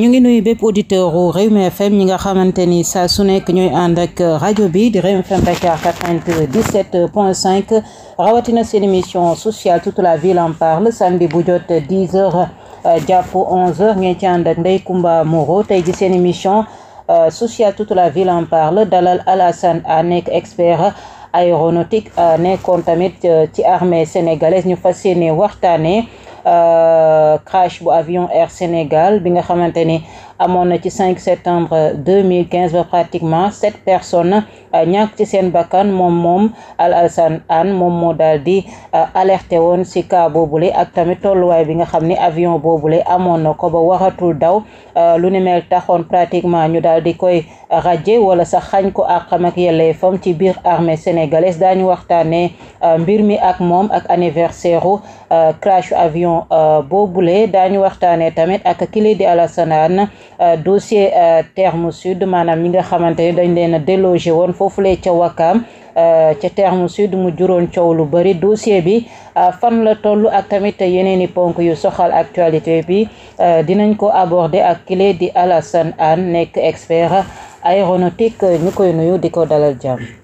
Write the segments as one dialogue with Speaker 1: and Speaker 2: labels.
Speaker 1: ñu ngi nuyu bépp auditeur u Rewmi FM ñi nga xamante ni saa su nekk ñooy ànd ak rajo bi di Rewmi FM Dakar 97 point 5 rawatina seen émission sociale toute la ville en parle samedi bu jot 10 heures euh, jàpp 11 heures ngeen ci ànd ak Ndeye Comba Moreau tey ji seen émission euh, sociale toute la ville en parle dalal Alassane a nekk expert aéronautique euh, nekkoon tamit ci armée sénégalaise ñu fas yéene waxtaanee Euh, crash bu avion Air Sénégal bi nga xamante ne amoon na ci 5 septembre 2015 ba pratiquement sept personnes euh, ñàkk ci seen bakkan moom moom Al Hassane Hanne moom moo daal di euh, alerté woon si cas boobule ak tamit tolluwaay bi nga xam ni avion boobule amoon na ko ba waratul daw euh, lu ni mel taxoon pratiquement ñu daal di koy raje wala sax xañ ko àqam ak yelleefam ci biir armée sénégalaise daañu waxtaanee mbir mi ak moom ak anniversaire u crash avion boobule daañu waxtaanee tamit ak kili di Al Hassane Hanne Euh, dossier euh, terme sud maanaam ñi nga xamante ne dañ leen a délogé woon foofu foofulee ca Wakaam euh, ca terme sud mu juróon cow lu bëri dossier bi fan la toll ak tamit yeneeni ponk yu soxal actualité bi dinañ ko abordé ak kile di Alassane Anne nekk expert aéronautique ñu koy nuyu di ko dalal jàmm.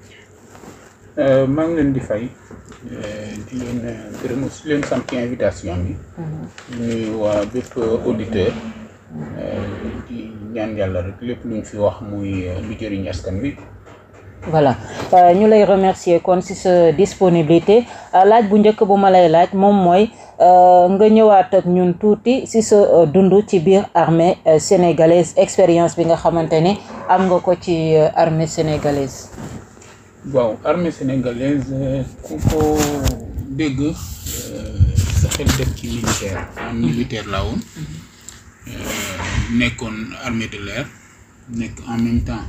Speaker 2: ci ñaan yàlla rek lépp luñ fi wax muy euh, lu jëriñ askan wi
Speaker 1: voilà euh, ñu lay remercier kon ci sa disponibilité euh, laaj bu njëkk bu ma lay laaj moom mooy nga ñëwaat ak ñun tuuti ci sa dund ci biir armée sénégalaise expérience bi nga xamante ne am nga ko ci armée sénégalaise
Speaker 2: waaw armée sénégalaise ku ko dégg sa xel def ci militaire militaire laa woon mm-hmm. Euh, nekkoon armée de l'air nekk en même temps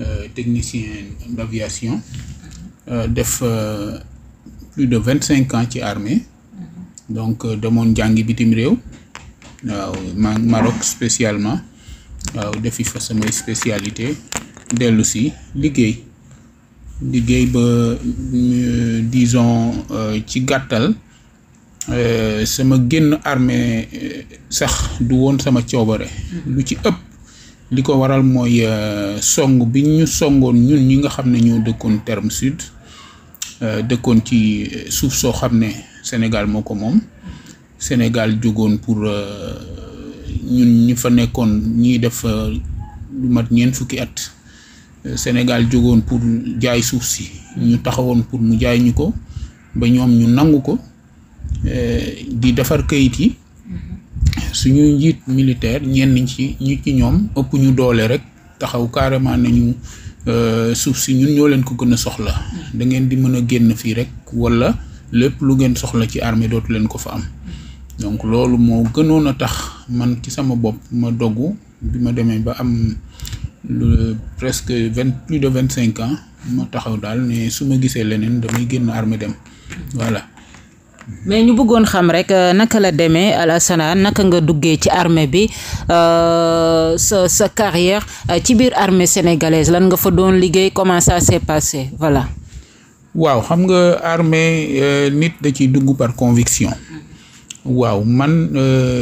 Speaker 2: euh, technicien d'aviation euh, def plus de vingt cinq ans ci armée donc demoon jàngi bitim réew waaw ma Maroc spécialement waaw defi fa samay spécialité dellu liggéey liggéey ba disons ci gàttal Euh, sama génn armée euh, sax du woon sama coobare lu ci ëpp li ko waral mooy euh, song bi ñu songoon ñun ñi nga xam ne ñoo dëkkoon terme sud dëkkoon ci suuf soo xam ne Sénégal moo ko moom Sénégal jógoon pour ñun ñi fa nekkoon ñiy def mat ñeent fukki at Sénégal jógoon pour jaay suuf si ñu taxawoon pour mu jaay ñu ko ba ñoom ñu nangu ko Eh, di defar kayit yi mm-hmm. suñuy njiit militaire ñenn ci ñi ci ñoom ëpp ñu doole rek taxaw carrément nañu eh, suuf si ñun ñoo leen ko gën a soxla mm-hmm. dangeen di mën a génn fii rek wala lépp lu ngeen soxla ci armée dootu leen ko fa am mm-hmm. donc loolu moo gënoon a tax man ci sama bopp ma dogu bi ma demee ba am lu presque vingt plus de vingt cinq ans ma taxaw daal ne su ma gisee leneen damay génn armée dem voilà
Speaker 1: mais ñu buggoon xam rek euh, naka la demee Alassane naka nga duggee ci armée bi euh, sa sa carrière euh, ci biir armée sénégalaise lan nga fa doon liggéey comment ça s'est passé voilà.
Speaker 2: waaw xam nga armée nit da ci dugg par conviction. waaw man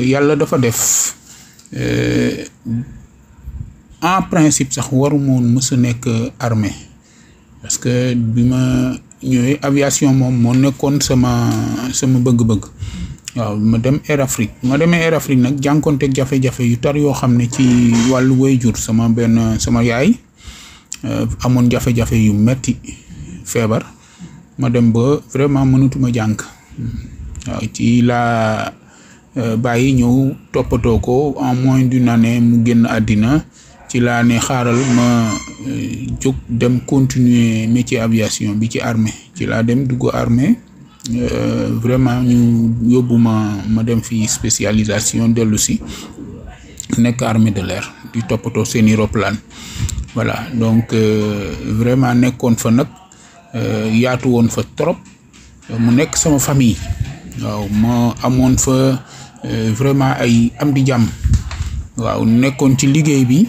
Speaker 2: yàlla dafa def en principe sax waru moon mësa nekk armée parce bi ma. ñooy aviation moom moo nekkoon sama sama bëgg-bëgg waaw ma dem Air Afrique ma demee Air Afrique nag jànkonteeg jafe-jafe yu tar yoo xam ne ci wàllu waajur sama benn sama yaay euh, amoon jafe-jafe yu metti feebar ma dem ba vraiment mënatuma jàng waaw ci laa euh, bàyyi ñëw toppatoo ko en moins d'une année mu génn àddina ci laa ne xaaral ma euh, jóg dem continuer métier aviation bi ci armée ci laa dem duggu armée euh, vraiment ñu yóbbu ma ma dem fi spécialisation dellu si nekk armée de l'air di toppatoo seeni roplaan voilà donc euh, vraiment nekkoon fa nag yaatu woon fa trop mu nekk sama famille waaw ma amoon fa vraiment ay am di jàmm waaw nekkoon ci liggéey bi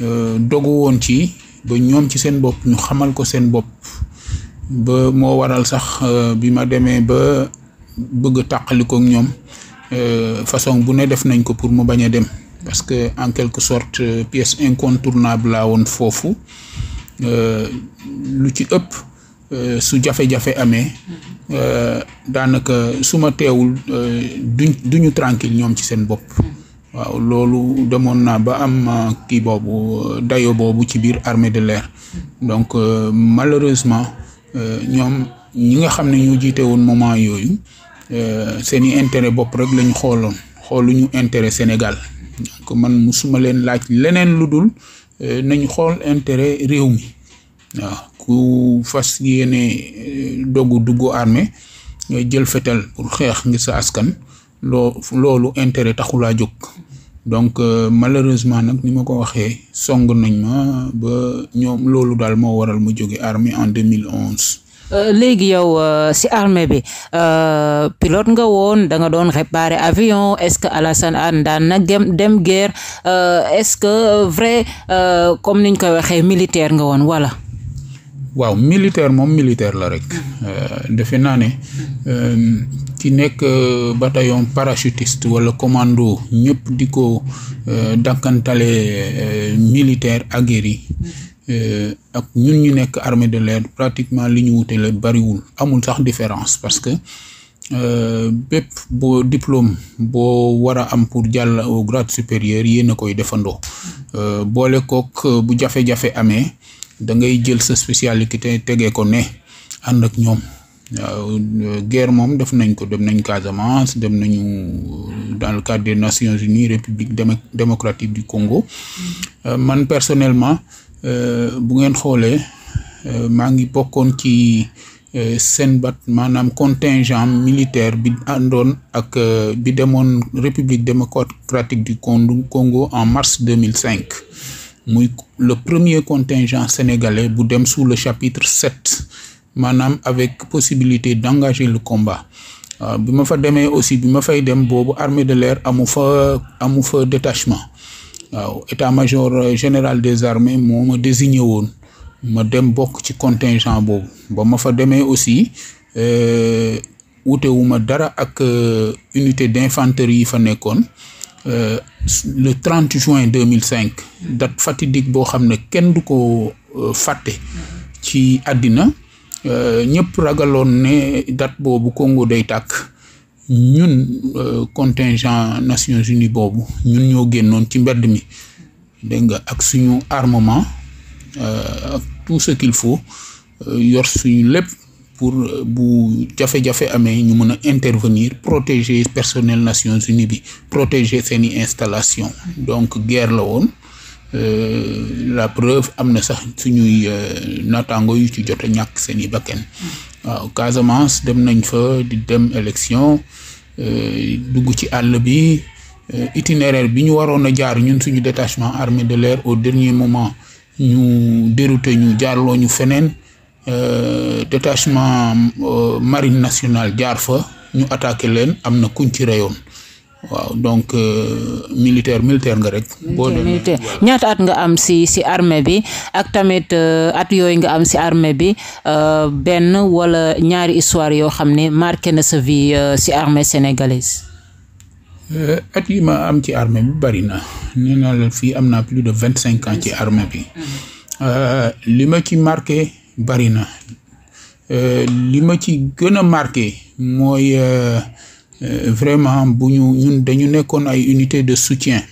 Speaker 2: Euh, dogu woon ci ba ñoom ci seen bopp ñu xamal ko seen bopp ba moo waral sax euh, bi ma demee ba bëgg a tàqalikook ñoom euh, façon bu ne def nañ ko pour mu bañ a dem parce que en quelque sorte pièce incontournable laa woon foofu lu ci ëpp su jafe-jafe amee daanaka suma ma teewul du duñu tranquille ñoom ci seen bopp waaw loolu demoon naa ba am euh, kii boobu euh, dayo boobu ci biir armée de leer donc euh, malheureusement ñoom ñi nga xam ne ñoo jiite woon moment yooyu seeni intérêt bopp rek lañu xooloon xoolu ñu intérêt Sénégal donc man musuma leen laaj leneen lu dul nañu xool intérêt réew mi waaw ku fas yéene dogu duggu armée jël fetal pour xeex ngir sa askan loo loolu intérêt taxulaa jóg donc euh, malheureusement nag ni ma ko waxee song nuñ ma ba ñoom loolu daal moo waral mu jóge armée en 2011.
Speaker 1: Euh, léegi yow euh, si armée bi pilote nga woon da nga doon réparer avion est-ce que Alassane Anne daan na dem dem guerre est-ce que vrai comme niñ koy waxee militaire nga woon wala.
Speaker 2: waaw militaire moom militaire la rek defe naa ne ci nekk euh, bataillon parachutiste wala commando ñëpp di ko euh, dàkkantale euh, militaire aguerri ak ñun ñu nekk armée de l'air pratiquement li ñu wutale bariwul amul sax différence parce que bépp boo diplôme boo war a am pour jàll au grade supérieur yéen a koy defandoo boole kook bu jafe-jafe amee da ngay jël sa spécialité tegee ko ne ànd ak ñoom guerre moom def nañ ko dem nañ Casamance dem nañu euh, dans le cadre des Nations Unies République démocratique du Congo euh, man personnellement euh, bu ngeen xoolee maa ngi bokkoon ci seen bat maanaam contingent militaire bi àndoon ak bi demoon République démocratique du Congo en mars 2005 muy le premier contingent sénégalais bu dem sous le chapitre 7 maanaam avec possibilité d'engager le combat waaw euh, bi ma fa demee aussi bi ma fay dem boobu armée de l'air amu fa amu fa détachement waaw état-major euh, général des armées moo ma désigné woon ma dem bokk ci contingent boobu ba ma fa demee aussi euh, wutewuma dara ak unité d'infanterie yi fa nekkoon le 30 juin 2005 date fatidique boo xam ne kenn du ko fàtte ci addina Euh, ñëpp ragaloon ne date boobu Congo day tàkk ñun euh, contingent Nations Unies boobu ñun ñoo génnoon ci mbedd mi dégg nga ak suñu armement euh, ak tout ce qu'il faut yor suñu lépp pour bu jafe-jafe amee ñu mun a intervenir protéger personnel Nations Unies bi protéger seeni installation donc guerre la woon Euh, la preuve am na sax suñuy euh, naataango yu ci jot a ñàkk seen i bakken waaw Casamance dem nañ fa di dem élection euh, dugg ci àll bi itinéraire bi ñu waroon a jaar ñun suñu détachement armée de l'air au dernier moment ñu dérouté ñu jaarloo ñu feneen détachement marine nationale jaar fa ñu attaque leen am na kuñ ci reyoon waaw donc euh, militaire militaire nga rek. boo militaire
Speaker 1: ñaata at nga am si si armée bi ak tamit euh, at yooyu nga am si armée bi euh, benn wala ñaari histoire yoo xam ne marqué na sa vie si armée sénégalaise.
Speaker 2: at yima am ci armée bi bari na fii am naa plus de vingt cinq ans ci armée bi ma ci marqué bari na li ci gën a marqué mooy. Euh, vraiment bu ñu dañu nekkoon ay unité de soutien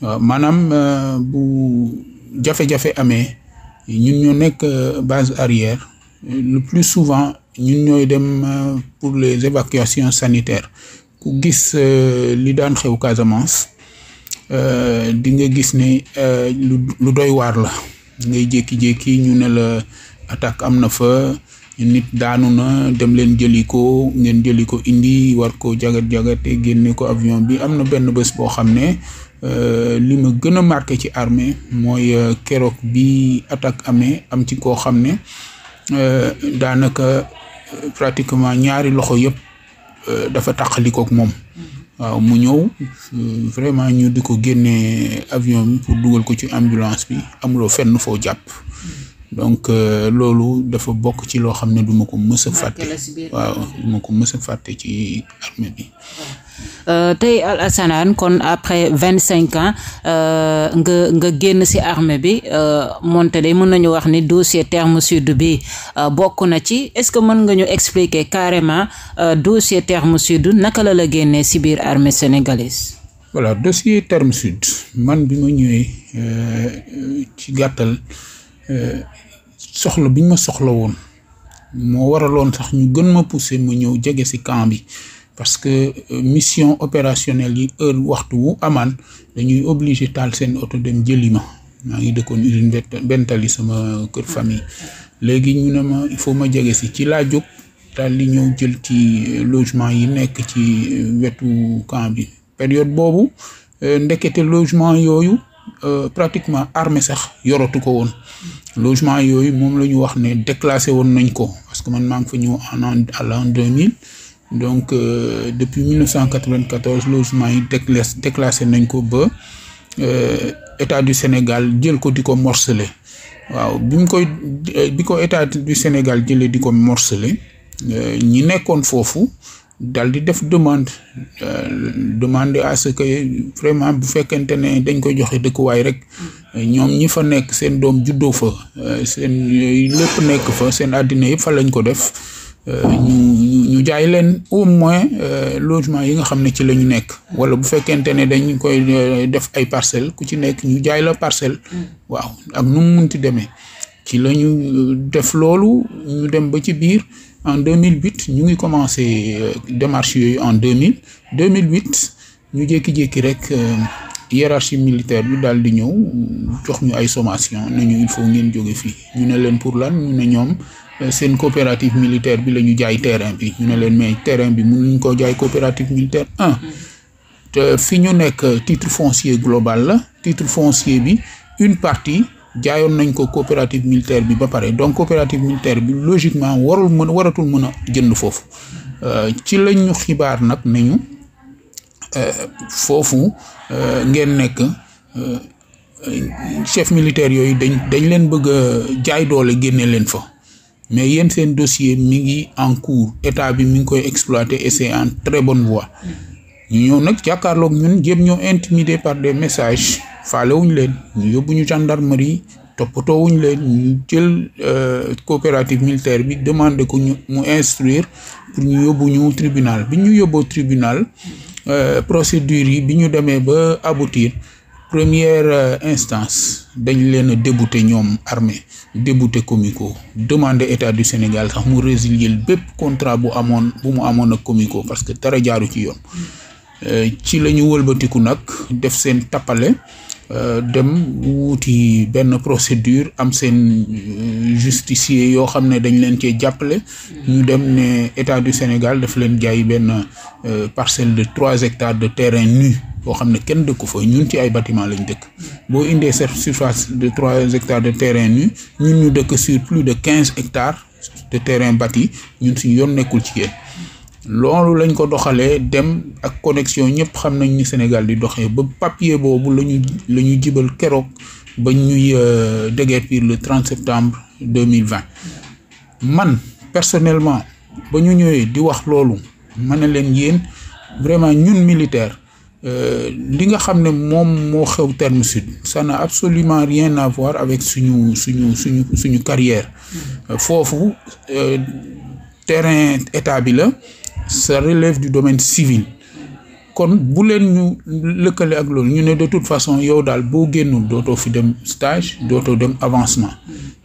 Speaker 2: waaw maanaam euh, bu jafe-jafe amee ñun ñoo nekk euh, base arrière le plus souvent ñun ñooy dem pour les évacuations sanitaires ku gis li daan xew Casamance di nga gis ni lu doy waar la ngay jékki-jékki ñu ne la attaque am na fa nit daanu na dem leen jëli ko ngeen jëli ko indi war ko jagat jagat génne ko avion bi am na benn bés boo xam ne euh, li ma gën a marqué ci armée mooy euh, keroog bi attaque amee am ci koo xam ne euh, daanaka pratiquement ñaari loxo yëpp dafa taqalikook moom waaw mu ñëw vraiment ñu di ko génne avion bi pour dugal ko ci ambulance bi amuloo fenn foo jàpp. donc euh, loolu dafa bokk ci loo xam ne duma ko mës a fàtte waaw duma ko mës fàtte ci armée bi
Speaker 1: euh, tey Al kon après vingt cinq ans euh, nga nga génn si armée bi moonte day mën nañu wax ni dossier terme sud bi bokk na ci est-ce que mën nga ñu expliquer carrément dossier terme sud naka la la génnee si biir armée sénégalaise
Speaker 2: voilà dossier terme sud man bi ma ñëwee ci gàttal Euh, soxla bi ma soxla woon moo waraloon sax ñu gën ma pousser ma ñëw jege ci camp bi parce que euh, mission opérationnelle yi heure waxtu wu amaan dañuy obligé taal seen oto dem jëli ma maa ngi dëkkoon usine bentali sama kër famille léegi ñu ne ma il faut ma jege si ci laa jóg taal li ñëw jël ci euh, logement yi nekk ci wetu camp bi période boobu ndekete logement yooyu Euh, pratiquement armée sax yoratu ko woon logement yooyu moom la ñu wax ne déclassé woon nañ ko parce que man maa ngi fa ñëw en an à l'an 2000 donc euh, depuis 1994 logement yi déclassé déclassé nañ ko ba euh, état du Sénégal jël ko di ko morcelé waaw bi koy bi ko état du Sénégal jële di ko morcelé ñi nekkoon foofu. dal di def demande euh, demande à ce que vraiment bu fekkente ne dañ koy joxe dëkkuwaay rek ñoom ñi fa nekk seen doom juddoo fa euh, seen lépp nekk fa seen àddina yëpp fa lañ ko def euh, ñu ñu jaay leen au moins logement yi nga xam ne ci la ñu nekk wala bu fekkente ne dañ koy def ay parcelle ku ci nekk ñu jaay la parcelle waaw ak nu mu munti demee ci la ñu def loolu ñu dem ba ci biir en 2008 ñu ngi commencé euh, démarche yooyu en 2000 2008 ñu jékki-jékki rek euh, hiérarchie militaire bi daal di ñëw jox ñu ay sommation ne ñu il faut ngeen jóge fii ñu ne leen pour lan ñu ne ñoom euh, seen coopérative militaire bi la ñu jaay terrain bi ñu ne leen mais terrain bi ñu koo jaay coopérative militaire un te fi ñu nekk titre foncier global la titre foncier bi une partie jaayoon nañ ko coopérative militaire bi ba pare donc coopérative militaire bi logiquement warul mën waratul mën a jënd foofu euh, ci lañ ñu xibaar nag ne ñu euh, foofu euh, ngeen nekk chef militaire yooyu dañ dañ leen bëgg a jaay doole génne leen fa mais yéen seen dossier mi ngi en cours état bi mi ngi koy exploiter et c'est en très bonne voie ñu ñëw nag jàkkaarloog ñun jéem ñoo intimider par des messages. faalewuñ leen ñu yóbbu ñu toppatoo toppatoowuñ leen ñu jël euh, coopérative militaire bi demandé ko ñu mu instruire pour ñu yóbbu tribunal bi ñu yóbboo tribunal euh, procédure yi bi ñu demee ba aboutir première euh, instance dañ leen a débouté ñoom armée débouté Comico demandé état du Sénégal sax mu résilier bépp contrat bu amoon bu mu amoon ak Comico parce que tara jaaru ci yoon ci la ñu nag def seen tappale Euh, dem wuuti benn procédure am seen euh, justicier yoo xam ne dañ leen cee jàppale ñu dem ne état du Sénégal daf leen jaay benn euh, parcelle de trois hectares de terrain nu boo xam ne kenn dëkku fa ñun ci ay bâtiment lañ dëkk boo indee cette surface de trois hectares de terrain nu ñun ñu dëkk sur de quinze hectares de terrain bâti ñun suñu yoon nekkul ci yéen loolu lañ ko doxalee dem ak connexion ñëpp xam nañ ni Sénégal di doxee ba papier boobu lañu la ñu jibal keroog ba ñuy euh, déguerpir le 30 septembre 2020 man personnellement ba ñu ñëwee di wax loolu ma ne leen yéen vraiment ñun militaire euh, li nga xam ne moom moo xew terme sud ça n'a absolument rien à avec suñu suñu suñu suñu carrière euh, foofu terrain état bi la ça relève du domaine civil kon bu leen ñu lëkkale ak loolu ñu ne de toute façon yow daal boo génnul dootoo fi dem stage dootoo dem avancement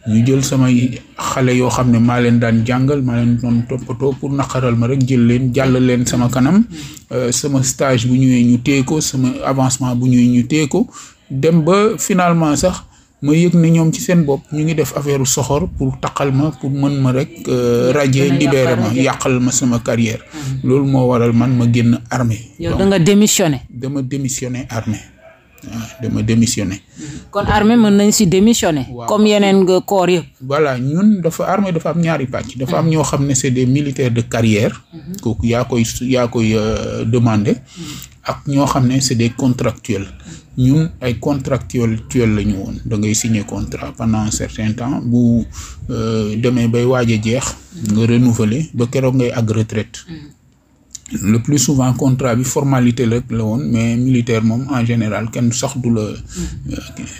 Speaker 2: ñu jël samay xale yoo xam ne maa leen daan jàngal maa leen doon toppatoo pour naqaral ma rek jël leen jàll leen sama kanam euh, sama stage bu ñëwee ñu téye sama avancement bu ñëwee ñu téye ko dem ba finalement sax ma yëg ne ñoom ci seen bopp ñu ngi def affaire soxor pour taqal ma pour mën ma rek euh, radier libérer ma yàqal ma sama carrière mm-hmm. loolu moo waral man ma génn armée yow da nga
Speaker 1: démissionné
Speaker 2: dama démissionné armée dama démissionné. Mm-hmm.
Speaker 1: kon armée mën nañ si démissionné. comme yeneen nga corps yëpp. ñun dafa armée
Speaker 2: dafa am ñaari pàcc. dafa am mm-hmm. ñoo xam ne c'est des militaires de carrière. kooku yaa koy yaa koy euh, demandé. ak ñoo xam ne c'est des contractuels. ñun ay contractuel la ñu woon da ngay signer contrat pendant un certain temps bu euh, demee bay waaj a jeex nga renouveler ba keroog ngay àgg retraite mm. le plus souvent contrat bi formalité rek la woon mais militaire moom en général kenn sax du la euh,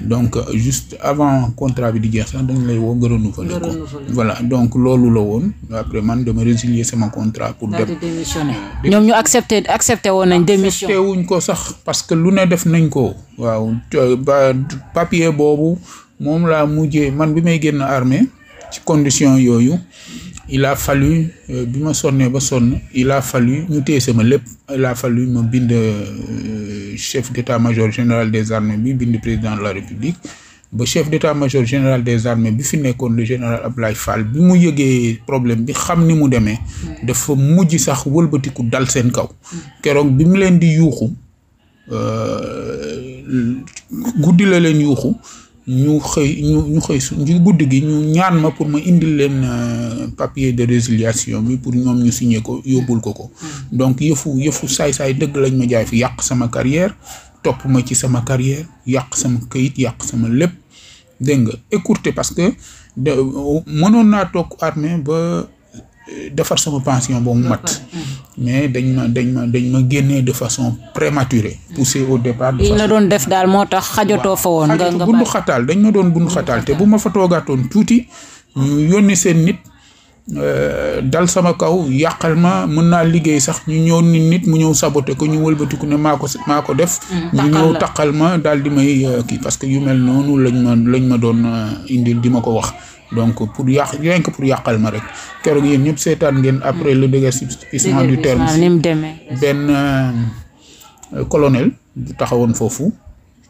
Speaker 2: donc juste avant contrat bi di jeex sax dañ lay woo nga renouveler ko voilà donc loolu la woon après man dama résilier sama contrat pour dem
Speaker 1: euh, ñoom ñu accepté accepté woon nañ démission accepté wuñ ko sax
Speaker 2: parce que lu ne def nañ ko waaw ba boobu moom laa mujjee man bi may génn armée ci condition yooyu il a fallu euh, bi ma sonnee ba sonn il a fallu ñu téye sama lépp il a fallu ma bind euh, chef d'état-major général des armées bi bind président de la république ba chef d'état-major général des armées bi fi nekkoon lu général Abdoulaye fal bi mu yëgee problème bi xam ni mu demee dafa mujj sax wëlbatiku dal seen kaw mm. keroog bi mu leen di yuuxu euh, guddi la leen yuuxu ñu xëy ñu ñu xëy su ñu guddi gi ñu ñaan ma pour ma indil leen euh, papier de résiliation bi pour ñoom ñu signé ko yóbbul ko ko mm. donc yëfu yëfu saay-saay dëgg lañ ma jaay fi yàq sama carrière topp ma ci sama carrière yàq sama këyit yàq sama lépp dégg nga écourté parce que euh, mënoon naa toog armée ba defar sama pension ba mu mat. Mm. mais dañ ma dañ ma dañ ma génnee de façon prématurée. poussé au départ. de façon la doon
Speaker 1: def daal moo tax xajatoo fa woon.
Speaker 2: nga nga bundu xataal dañ ma doon bundu xataal te bu ma fa toogaatoon tuuti ñu yónni seen nit. Euh, dal sama kaw yàqal ma mën naa liggéey sax ñu ñëw nit nit mu ñëw saboté ko ñu wëlbatiku ne maa ko maa ko def. Mm, ñu ñëw taqal ma daal di may euh, kii parce que yu mel noonu lañ ma lañ ma doon euh, indil di ma ko wax. donc pour yàq rien que pour yàqal ma rek keroog yéen ñëpp seetaan ngeen après le déguerpissement du terme benn euh, colonel bu taxawoon foofu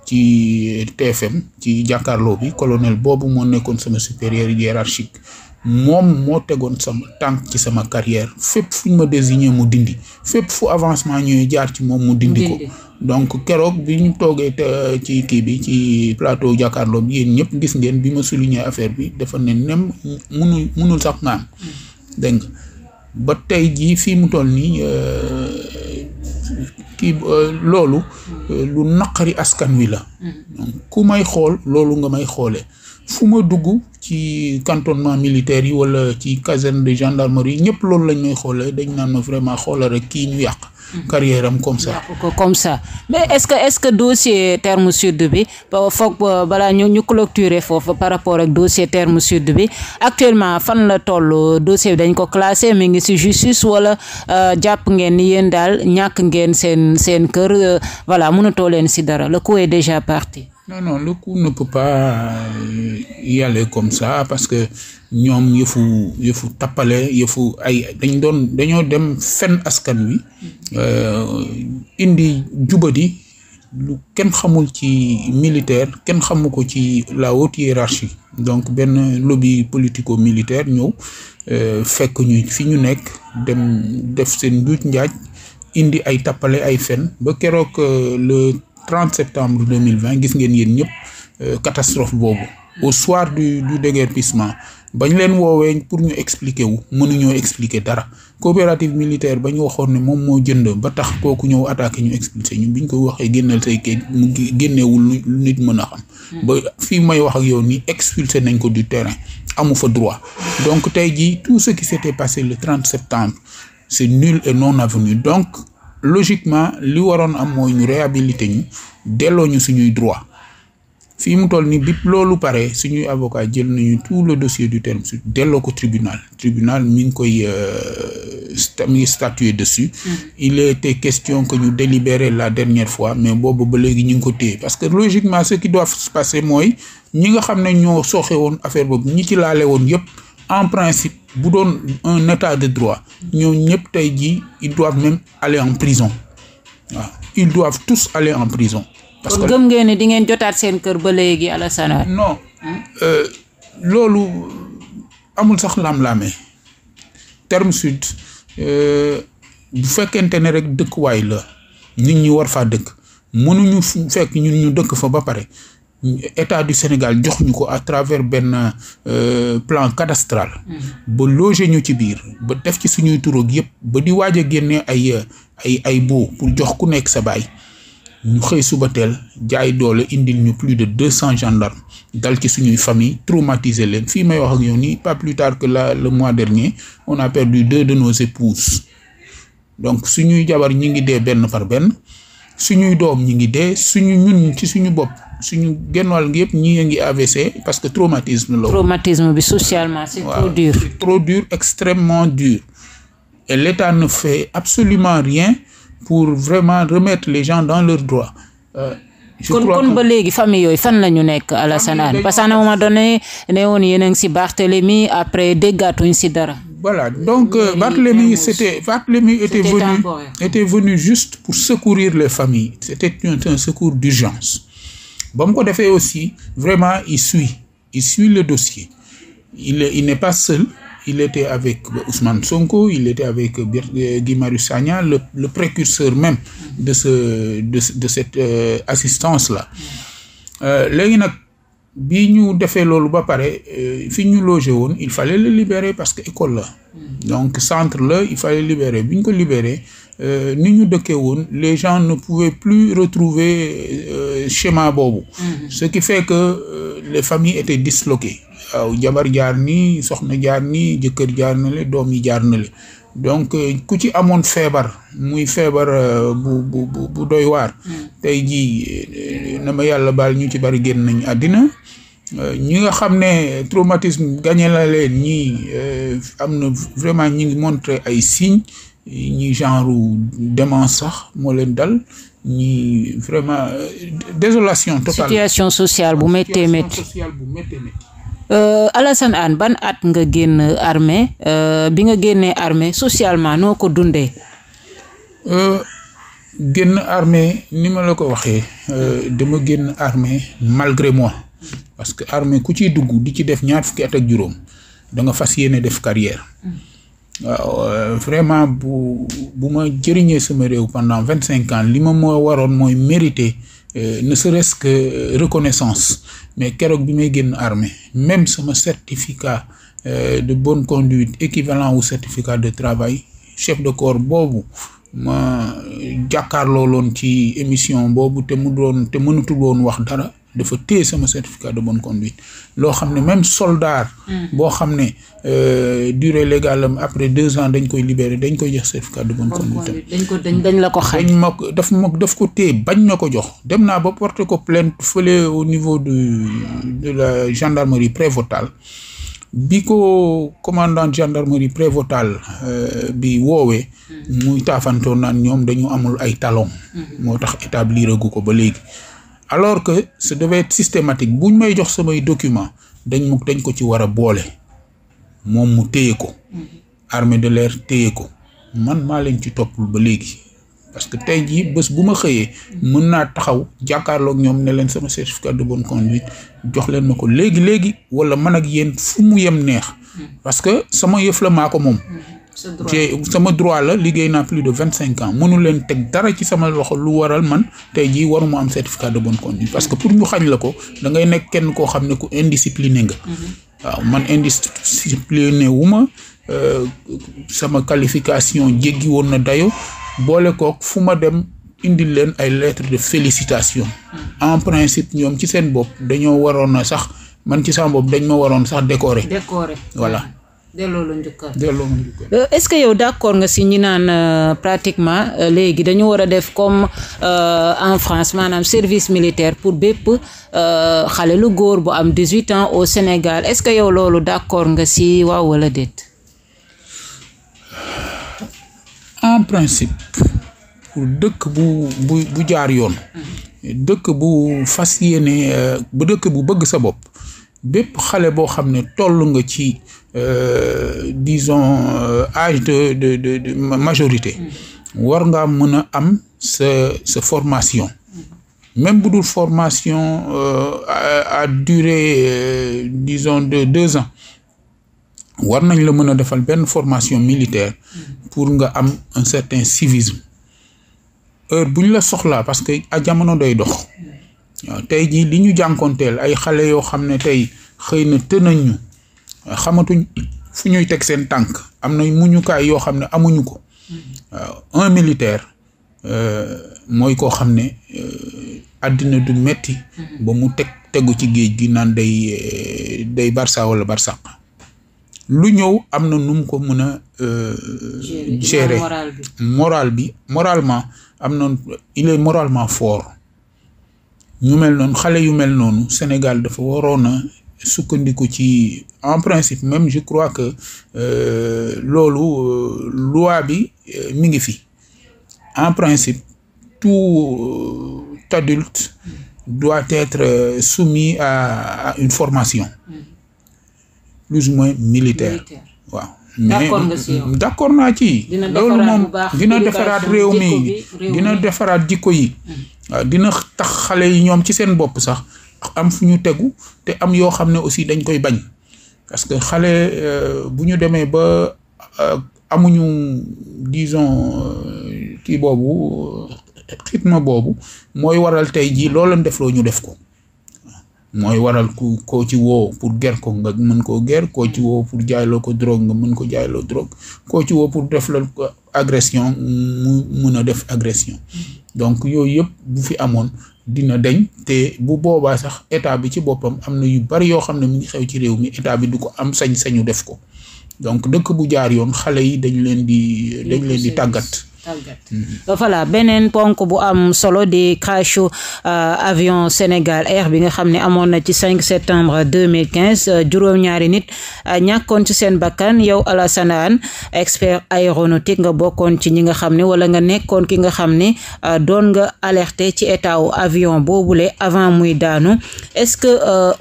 Speaker 2: ci TFM ci jàkkaarloo bi colonel boobu moo nekkoon sama supérieur hiérarchique moom moo tegoon sama tànk ci sama carrière fépp fu ñu ma désigné mu dindi fépp fu avancement ñuy jaar ci moom mu dindi ko donc keroog bi ñu toogee euh, ci kii bi ci plateau jàkkaarloo bi yéen ñëpp gis ngeen bi ma souligné affaire bi dafa ne nem munul munul sax naan mm. dégg ba tey jii fii mu toll nii euh, kii euh, loolu lu naqari askan wi la mm. donc ku may xool loolu nga may xoolee fu ma dugg ci cantonnement militaire yi wala ci caserne de gendarmerie ñëpp loolu lañ may xoolee dañ naan ma vraiment xoolal rek kii ñu yàq. Mm-hmm.
Speaker 1: carrière am comme ça. comme ça mais est-ce que est-ce que dossier terme sud bi foog balaa ñu ñu clôturer foofu par rapport ak dossier terme sud bi actuellement fan la toll dossier bi dañ ko classé mi ngi si justice wala euh, jàpp ngeen ni yéen daal ñàkk ngeen seen seen kër euh, voilà mënatoo leen si dara la ko est déjà parti.
Speaker 2: non non le coup ne peut pas euh, comme ça parce que ñoom yëfu yëfu tappale yëfu ay dañ doon dañoo dem fenn askan wi euh, indi jubadi lu kenn xamul ci militaire kenn xamu ko ci la haute hiérarchie donc benn lobby politiko militaire ñëw euh, fekk ñu fi ñu nekk dem def seen njuuj njaaj indi ay tappale ay fen ba keroog le 30 septembre 2020 gis ngeen yéen ñëpp euh, catastrophe boobu au soir du du déguerpissement bañ leen woowee pour ñu expliquer wu mënuñoo expliquer dara coopérative militaire ba ñu waxoon ne moom moo jënd ba tax kooku ñëw attaqué ñu expliqué ñu biñ ko waxee génneel say kayit mu génneewul lu nit mën a xam. Hmm. ba fii may wax ak yow nii expulsé nañ ko du terrain amu fa droit donc tey jii tout ce qui s'était passé le trente septembre c'est nul et non avenu donc. logiquement li waroon am mooy ñu réhabilité ñu delloo ñu suñuy droit fii mu toll nii bip loolu pare suñuy avocat jël nañu tout le dossier du terme su delloo ko tribunal tribunal mi ngi koy euh, mi ngi statuer dessus mm. il était question que ñu délibérer la dernière fois mais boobu ba léegi ñu ngi ko téye parce que logiquement ce qui doit se passer mooy ñi nga xam ne ñoo sooxe woon affaire boobu ñi ci laale woon yëpp en principe bu doon un état de droit ñoo ñëpp tey jii ils doivent même aller en prison waaw ils doivent tous aller en prison. parce que gëm
Speaker 1: ngeen ne di ngeen jotaat seen kër ba léegi Alassane non
Speaker 2: euh, loolu amul sax lam-laamee terme sud euh, bu fekkente ne rek dëkkuwaay la nit ñi war faa dëkk mënuñu fekk ñun ñu dëkk fa ba pare. état du Sénégal jox ñu ko à travers benn euh, plan cadastral. Mm-hmm. ba loger ñu ci biir ba def ci suñuy turoog yëpp ba di waaj a génne ay ay ay boo pour jox ku nekk sa baay ñu xëy suba teel jaay doole indil ñu plus de deux cent gendarmes dal ci suñuy famille traumatiser leen fii may wax ak yow nii pas plus tard que la le mois dernier on a perdu deux de nos épouses donc suñuy jabar ñi ngi dee benn par benn suñuy doom ñu ngi dee suñu ñun ci suñu bopp. suñu genwàll gi yëpp ñi ngi AVC parce que traumatisme la
Speaker 1: traumatisme bi socialement c'est trop dur
Speaker 2: c'est trop dur extrêmement dur et l'État ne fait absolument rien pour vraiment remettre les gens dans leurs droits euh,
Speaker 1: kon kon ba léegi famille yooyu fan la ñu nekk Alassane parce que à un moment donné ne woon yéen a ngi si Barthélemy après déggaatuñ si dara
Speaker 2: voilà donc euh, Barthélemy c'était Barthélemy était venu était venu juste pour secourir les familles c'était un, un secours d'urgence ba mu ko defee aussi vraiment il suit il suit le dossier il il n'est pas seul il était avec Ousmane Sonko il était avec euh, Guy Marius Sagna le, le précurseur même de ce de de cette euh, assistance là euh, léegi nag bi ñu defee loolu ba pare euh, fi ñu logé woon il fallait le libérer parce que école la mm. donc centre la il fallait libérer bi ñu ko libérer euh, ni ñu dëkkee woon les gens ne pouvaient plus retrouver euh, schéma boobu mm -hmm. ce qui fait que euh, les familles étaient waaw jabar jaar nii soxna jaar nii jëkkër jaar na le doom yi jaar na le donc euh, ku ci amoon feebar muy feebar euh, bu bu bu, bu doy waar mm-hmm. tey jii euh, na ma yàlla baal ñu ci bari génn nañ àddina ñi nga xam ne traumatisme gagné la leen am na vraiment ñi ngi montré ay signes ñi genre démence sax moo leen dal ñi vraiment euh, désolation totale situation sociale bu méttee métti
Speaker 1: Euh, Alassane Hann ban at nga génn armée euh, bi nga génnee armée socialement noo ko dundee. Euh,
Speaker 2: génn armée ni ma la ko waxee euh, dama génn armée malgré moi parce que armée ku ciy dugg di ci def ñaar fukki at ak juróom da fas yéene def carrière. waaw euh, vraiment bu bu ma jëriñee sama réew pendant vingt cinq ans li ma moo waroon mooy mérité euh, ne serait-ce que euh, reconnaissance mais keroog bi may génn armée même sama certificat de bonne conduite équivalent wu certificat de travail chef de corps boobu ma jàkkaarloo loon ci émission boobu te mu doon te mënatul woon wax dara dafa téye sama certificat de bonne conduite loo xam ne ah. même soldat. Hmm. boo xam ne euh, durée légale am après deux ans dañ koy libéré dañ koy jox certificat de bonne conduite.
Speaker 1: dañ dañ la ko
Speaker 2: xay. dañ ma daf ma daf ko téye bañ ma ko jox dem naa ba porter ko plainte fële au niveau de la gendarmerie prévôtale bi ko commandant gendarmerie prévôtale euh, bi woowee. Hmm. muy taafantoon naan ñoom dañu amul ay talon. Hmm. moo tax établir gu ko ba léegi. alors que ce devait être bu ñu may jox samay document dañ mu dañ ko ci war a boole moom mu téye ko mm-hmm. armée de l'air téye ko man maa leen ci toppul ba léegi parce que tey jii bés bu ma xëyee mën naa taxaw jàkkaarlook ñoom ne leen sama certificat de bonne conduite jox leen ma ko léegi léegi wala man ak yéen fu mu yem neex mm-hmm. parce que sama yëf la maa ko moom mm-hmm. ci sama droit la liggéey naa plus de vingt cinq ans mënu leen teg dara ci sama loxo lu waral man tey jii waruma am certificat de bonne conduite parce que pour ñu xañ la ko da ngay nekk kenn koo xam ne ku indiscipliné nga mm-hmm. waaw man indiscipliné wu ma euh, sama qualification jéggi woon na dayo boole kook fu ma dem indi leen ay lettres de félicitation mm-hmm. en principe ñoom ci seen bopp dañoo waroon na sax man ci sama bopp dañ ma waroon sax décorer décorer voilà
Speaker 1: delloo la njukkal delloo euh, est-ce que yow d'accord nga si ñi naan euh, pratiquement euh, léegi dañu war a def comme en France maanaam service militaire pour bépp xale lu góor bu am dix-huit ans au Sénégal est-ce que yow loolu d'accord nga si waaw wala déet.
Speaker 2: en principe pour dëkk bu bu bu jaar yoon. Hmm. dëkk bu fas yéene bu dëkk bu bëgg sa bopp. bépp xale boo xam ne toll nga ci euh, disons euh, âge de de de de majorité war ngaa mën a am sa sa formation même bu dul formation euh, à durée disons de deux ans war nañ la mën a defal benn formation militaire pour nga am un certain civisme heure bu la soxla parce que a jamono day dox tey jii li ñu jànkoonteel ay xale yoo xam ne tey xëy na të nañ ñu xamatuñ fu ñuy teg seen tànk am na muñukaay yoo xam ne amuñu ko un militaire euh, mooy koo xam ne euh, àddina du metti ba mu teg tegu ci géej gi naan day euh, day barsa wala barsaq lu ñëw am na nu mu ko mën a gérer moral bi moralement am na il est moralement fort ñu mel noonu xale yu mel noonu Sénégal dafa waroon a sukkandiku ci en principe même je crois que euh, loolu euh, loi bi euh, mi ngi fi en principe tout adulte doit être soumis à, une formation plus ou moins militaire waaw mais d'accord naa ci loolu moom dina defaraat réew mi dina defaraat jikko yi mm. dina tax xale yi ñoom ci seen bopp sax am fu ñu tegu te am yoo xam ne aussi dañ koy bañ parce que xale euh, bu ñu demee ba euh, amuñu disons euh, kii boobu rythme boobu mooy waral tey jii loo leen defloo ñu def ko mooy waral ku koo ci woo pour ger ko nga mën koo ger koo ci woo pour jaayloo ko drogue nga mën ko jaayloo drogue koo ci woo pour def la agression mu mun a def agression donc yooyu yëpp bu fi amoon dina deñ te bu boobaa sax état bi ci boppam am na yu bari yoo xam ne mu ngi xew ci réew mi état bi du ko am sañ-sañu def ko donc dëkk bu jaar yoon xale yi dañ leen di dañ leen di tàggat
Speaker 1: voilà beneen ponk bu am solo di crash euh, avion Sénégal Air bi nga xam ne amoon na ci 5 septembre 2015 euh, juróom-ñaari nit euh, ñàkkoon ci seen bakkan yow Alassane Hann expert aéronautique nga bokkoon ci ñi nga xam ni wala nga nekkoon ki nga xam ne doon nga alerté ci état wu avion boobule avant muy daanu est-ce que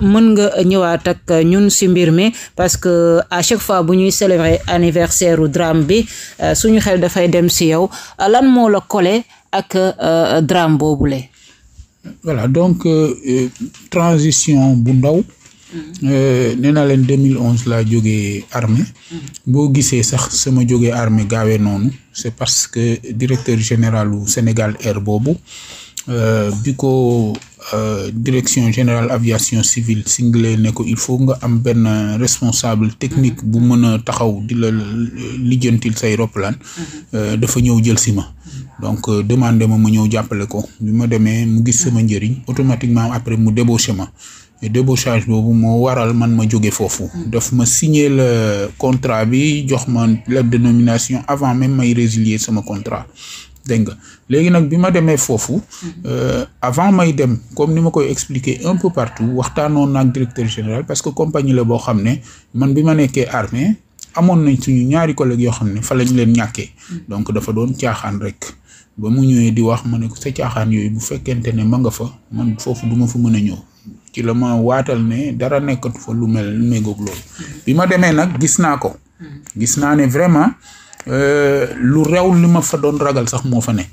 Speaker 1: mën nga ñëwaat ak ñun si mbir mi parce que à chaque fois bu ñuy célébrer anniversaire drame bi suñu xel dafay dem si yow Euh, lan moo la collé ak euh, drame boobule.
Speaker 2: voilà donc euh, transition bu ndaw. Mm-hmm. Euh, nee na leen 2011 laa jógee armée mm-hmm. boo gisee sax sama jógee armée gaawee noonu c'est parce que directeur général u Sénégal Air boobu bi ko Euh, direction générale aviation civile single ne ko il faut nga am benn responsable technique bu mën a taxaw di la lijjantil say roppalaan mhm. euh, dafa ñëw jël si ma donc euh, demandé ma mu ñëw jàppale ko bi ma demee mu gis sama mhm. njëriñ automatiquement après mu débauché ma débauchage boobu moo waral man ma jóge foofu mhm. daf ma signer la contrat bi jox ma lettre de nomination avant même may résilier sama contrat dégg nga léegi nag bi ma demee foofu mm-hmm. euh, avant may dem comme ni ma koy expliquer un peu partout waxtaanoon naa ak directeur général parce que compagnie la boo xam ne man bi ma nekkee armée amoon nañ suñu ñaari collègues yoo xam ne fa lañ leen ñàkkee mm-hmm. donc dafa doon caaxaan rek ba mu ñëwee di wax ma ne ko sa caaxaan yooyu bu fekkente ne ma nga fa man foofu duma fa mën a ñëw ci la ma waatal ne dara nekkatu fa lu mel méngoog loolu mm-hmm. bi ma demee nag gis naa ko gis naa Euh, lu rew li ma fa doon ragal sax moo fa ne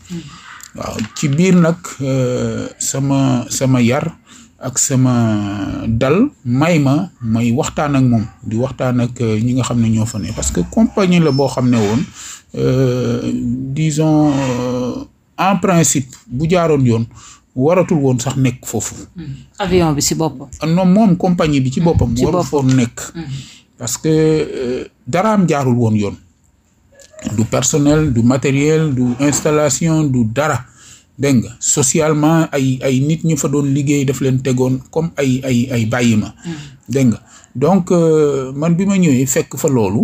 Speaker 2: waaw ci biir nag euh, sama sama yar ak sama dal may ma may waxtaan ak moom di waxtaan ak euh, ñi nga xam ne ñoo fa ne parce que compagnie la boo xam ne woon disons en principe bu jaaroon yoon waratul woon sax nekk foofu.
Speaker 1: Mm-hmm. avion bi ci boppam.
Speaker 2: Ah, non moom compagnie bi ci mm-hmm. boppam. ci boppam waru nekk. Mm-hmm. parce que daraam jaarul woon yoon. du personnel du matériel du installation du dara dégg nga socialement ay ay nit ñu fa doon liggéey daf leen tegoon comme ay ay ay bàyyi ma. Mm. dégg nga donc euh, man bi ma ñëwee fekk fa loolu.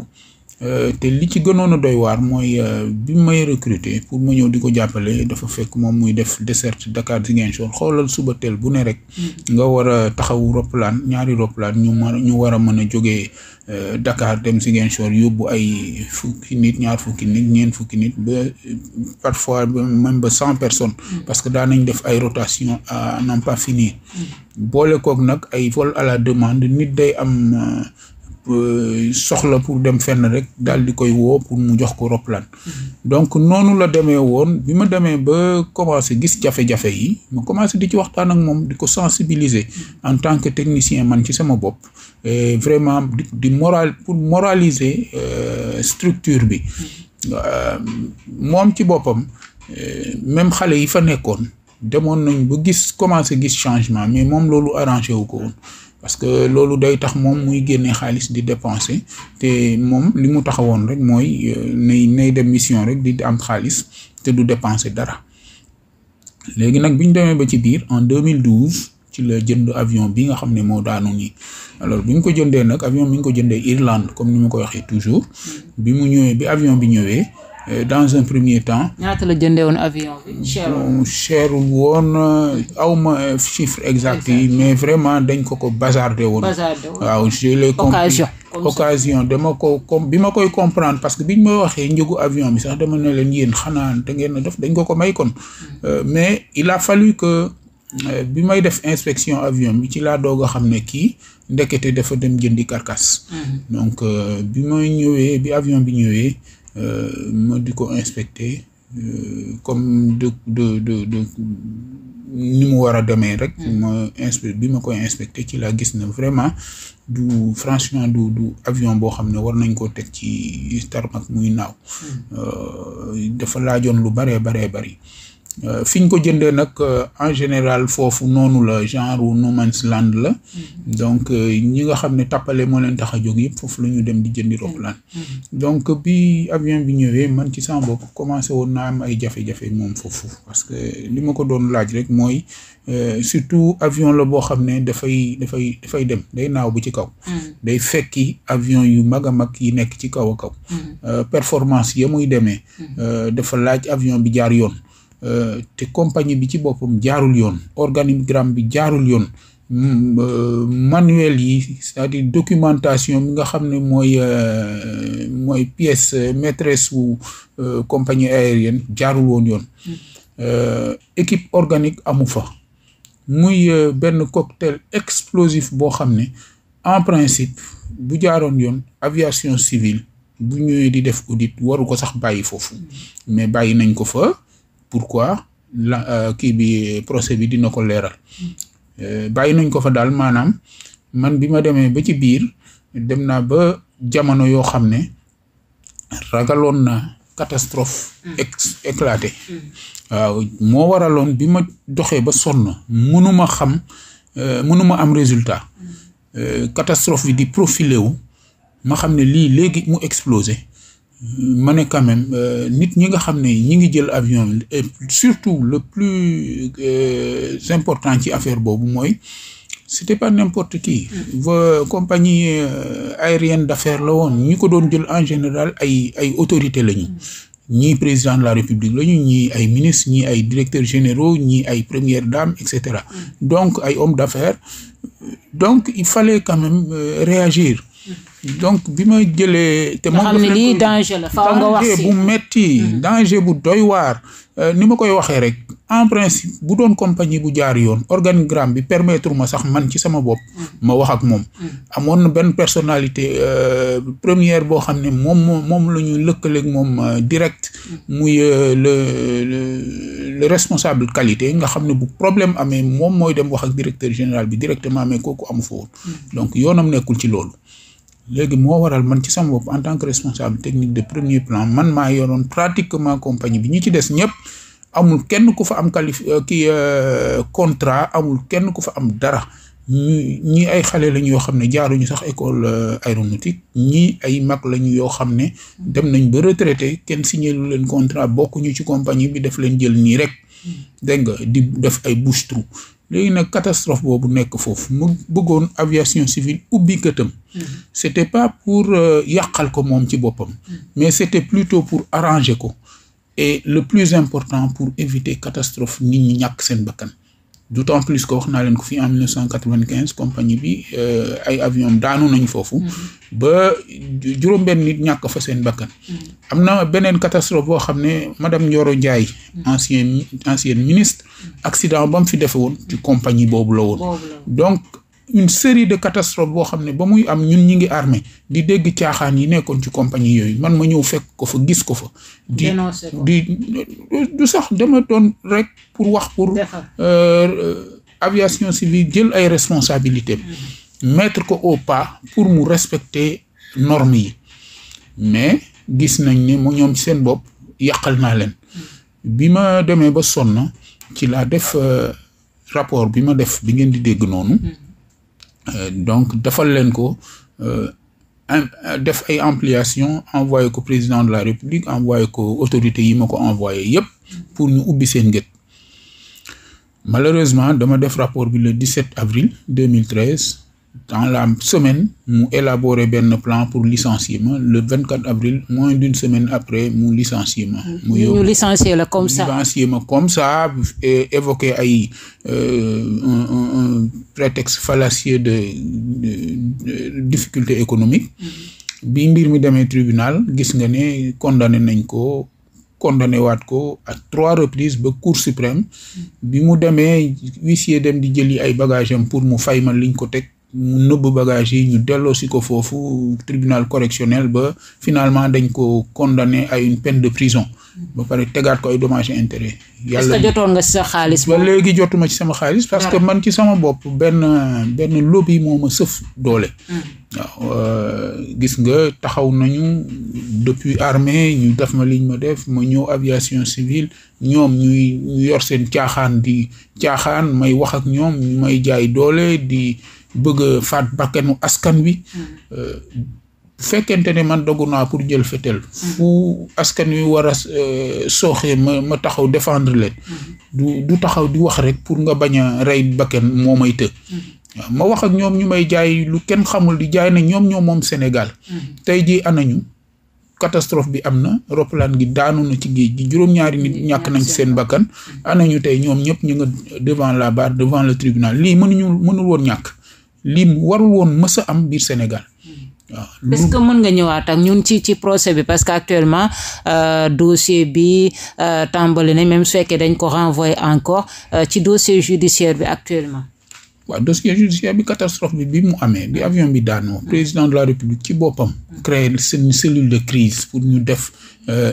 Speaker 2: Euh, te li ci gënoon a doy waar mooy euh, bi may recruter pour ma ñëw di ko jàppale dafa fekk moom muy def desserte Dakar Ziguinchor xoolal suba teel bu ne rek. Mm. nga war a taxaw roplaan ñaari roplaan ñu ma ñu war a mën a jógee euh, Dakar dem Ziguinchor yóbbu ay fukki nit ñaar fukki nit ñeent fukki nit ba parfois même ba cent personnes. Mm. parce que daan nañ def ay rotation à n'en pas finir. Mm. boole koog nag ay vol à la demande nit day am. Euh, soxla pour dem fenn rek daal di koy woo pour mu jox ko roplaan donc noonu la demee woon bi ma demee ba commencé gis jafe-jafe yi ma commencé di ci waxtaan ak moom di ko sensibiliser en tant que technicien man ci sama bopp et vraiment di moral pour moraliser euh, structure bi euh, moom ci boppam même xale yi fa nekkoon demoon nañ ba gis commencé gis changement mais moom loolu arrangé wu ko woon parce que loolu day tax moom muy génne xaalis di dépenser te moom li mu taxawoon rek mooy euh, nay nay dem mission rek di am xaalis te du dépenser dara léegi nag bi ñu demee ba ci biir en 2012 ci la jënd avion bi nga xam ne moo daanu nii alors bi ñu ko jëndee nag avion mi ngi ko jëndee Irlande comme ni mu ko waxee toujours bi mu ñëwee bi avion bi ñëwee. dans un premier temps.
Speaker 1: ñaata la jëndee woon avion bi.
Speaker 2: cher woon euh, aw ma euh, chiffre exact yi mais vraiment dañ ko ko bazardé woon. waaw je l'ai compris occasion dama ko bi ma koy comprendre parce que bi biñ ma waxee njëgu avion bi sax dama ne leen yéen xanaa da ngeen a def dañ ko ko may kon. Hmm. Euh, mais il a fallu que bi may def inspection avion bi ci laa doog a xam ne kii ndekete dafa dem jëndi carcasse. Hmm. donc bi ma ñëwee bi avion bi ñëwee. Euh, ma di ko inspecter euh, comme de de de de ni mu war a demee rek. Hmm. ma inspect bi ma koy inspecté ci laa gis na vraiment du franchement du du avion boo xam ne war nañ koo teg ci tarmac muy naaw. Hmm. Euh, dafa laajoon lu baree baree bari. Euh, fi ñu ko jëndee nag euh, en général foofu noonu la genre no man's land la mm-hmm. donc euh, ñi nga xam ne tappale moo leen tax a jóg yëpp foofu la ñu dem di jëndi roxlaan mm-hmm. donc bi avion bi ñëwee man ci sama bopp commencé woon naa am ay jafe-jafe moom foofu parce que li ma ko doon laaj rek mooy surtout avion la boo xam ne dafay dafay dafay dem day naaw bu ci kaw mm-hmm. day fekki avion yu mag a mag yi nekk ci kaw a kaw performance ya muy demee dafa laaj avion bi jaar yoon Euh, te compagnie bi ci boppam jaarul yoon organigramme bi jaarul yoon mm, euh, manuel yi c'est-à-dire documentation bi nga xam ne mooy euh, mooy pièce maîtresse wu compagnie aérienne jaarul woon yoon équipe organique amu fa muy benn cocktail explosif boo xam ne en principe bu jaaroon yoon aviation civile bu ñëwee di def audit waru ko sax bàyyi foofu mais bàyyi nañ ko fa pourquoi la euh, kii bi procès bi dina ko leeral euh, bàyyi nañ ko fa daal maanaam man bi ma demee ba ci biir dem naa ba jamono yoo xam ne ragaloon na catastrophe mm. éclaté mm. waaw moo waraloon bi ma doxee ba sonn mënuma xam euh, mënuma am résultat mm. catastrophe bi di profilé wu ma xam ne lii léegi mu explosé ma ne quand euh, nit ñi nga xam ne ñi ngi jël avion surtout le plus euh, important ci affaire boobu mooy c'était pas n'importe qui va compagnie euh, aérienne d'affaires la woon ñi ko doon jël en général ay ay autorité lañu ñii président de la république lañu ñii ay ministres ñii ay directeurs généraux ñii ay premières dames et cetera mm. donc ay hommes d'affaires donc il fallait quand réagir donc bi may jëlee. te moom dafa lii
Speaker 1: la faaw nga bu
Speaker 2: metti mm-hmm. danger bu doy waar. Euh, ni ma koy waxee rek en principe bu doon compagnie bu jaar yoon organigramme bi permettre ma sax man ci sama bopp. Mm-hmm. ma wax ak moom. Mm-hmm. amoon na benn personnalité euh, première boo xam ne moom moom la ñuy lëkkaleeg moom euh, direct. muy le le responsable qualité nga xam ne bu problème amee moom mooy dem wax ak directeur général bi directement mais kooku amu fa woon. donc yoonam nekkul ci loolu. léegi moo waral man ci sama bopp en tant que responsable technique de premier plan man maa yoroon pratiquement compagnie bi ñi ci des ñëpp amul kenn ku fa am qualif euh, ki euh, contrat amul kenn ku fa am dara ñu ñi ay xale lañu yoo xam ne jaaruñu sax école euh, aéronautique ñi ay mag lañu yoo xam ne dem nañ ba retraité kenn signé lu leen contrat bokkuñu ci compagnie bi daf leen jël nii rek hmm. dégg di def ay bouche trou léegi nag catastrophe boobu nekk foofu mu bëggoon aviation civile ubbi këtam mhm. c'était pas pour euh, yàqal ko moom ci boppam mhm. mais c'était plutôt pour arranger ko et le plus important pour éviter catastrophe nit ñi ñàkk seen bakkan d'autant plus que wax naa leen ko fi en 1995 compagnie bi euh, ay avion daanoo nañ foofu. Mm-hmm. ba juróom-benn ñàkk fa seen bakkan. Mm-hmm. am na beneen catastrophe boo xam ne madame Ndioro Ndiaye. Mm-hmm. ancien ancienne ministre. accident ba fi defe woon ci compagnie boobu la woon. donc. une série de catastrophes boo xam ne ba muy am ñun ñi ngi armé di dégg caaxaan yi nekkoon ci compagnie yooyu man ma ñëw fekk ko fa gis ko fa. di di du sax dema doon rek pour wax pour. Euh, aviation civile jël ay responsabilités. Mm-hmm. mettre ko au pas pour mu respecter normes yi mais gis nañ ne mu ñoom seen bopp yàqal naa leen. Mm-hmm. bi ma demee ba sonn ci laa def euh, rapport bi ma def bi ngeen di dégg noonu. Mm-hmm. Euh, donc defal leen ko euh, def ay ampliation envoyé ko président de la république envoyé ko autorité yi ma ko envoyé yépp pour ñu ubbi seen gët malheureusement dama def rapport bi le 17 avril 2013 dans la semaine mu élaborer benn plan pour licencier ma le vingt quatre avril moins d'une semaine après mu licencier ma. mu yóbbu
Speaker 1: licencier la comme ça
Speaker 2: ma comme ça et évoquer ay euh, un, de, de, difficulté économique. Mm-hmm. bi mbir mi demee tribunal gis nga ne condamné nañ ko. condamné waat ko à trois reprises ba cour suprême mm-hmm. bi mu demee huissier dem di jëli ay bagages pour mu fay ma liñ ko teg nëbb bagage yi ñu delloo si ko foofu tribunal correctionnel ba finalement dañ ko condamné à une peine de prison ba pare tegaat ko ay dommages yàlla est jotoon nga sa xaalis. ba léegi jotuma ci sama xaalis. parce que man ci sama bopp benn benn lobby moo ma sëf doole. Hmm. Euh, gis nga taxaw nañu depuis armée ñu def ma liñ ma def ma ñëw aviation civile ñoom ñuy ñu yor seen caaxaan di caaxaan may wax ak ñoom ñu may jaay doole di bëgg a faat bakkanu askan wi. Hmm. Euh, fekkente ne man dogu naa pour jël fetel fu askan wi war a euh, sooxee ma ma taxaw defendre leen du taxaw di wax rek pour nga bañ a rey bakkan moo may të ma wax ak ñoom ñu may jaay lu kenn xamul di jaay ne ñoom ñoom moom Sénégal tey jii anañu catastrophe bi am na roppalaan gi daanu ci géej gi juróom-ñaari nit ñàkk nañ ci seen bakkan ñu tey ñoom ñëpp ñu nga devant la barre devant le tribunal lii mënuñu mënul woon ñàkk lii warul woon mësa am biir Sénégal waaw est-ce que
Speaker 1: mën nga ñëwaat ak ñun ci ci procès bi parce que actuellement euh, dossier bi euh, tàmbali na même su fekkee dañ ko renvoyer encore euh, ci dossier judiciaire bi actuellement. waaw dossier judiciaire bi catastrophe
Speaker 2: bi bi mu amee bi avion bi daanoo ah. président de la république ci boppam. créé seen cellule de crise pour ñu def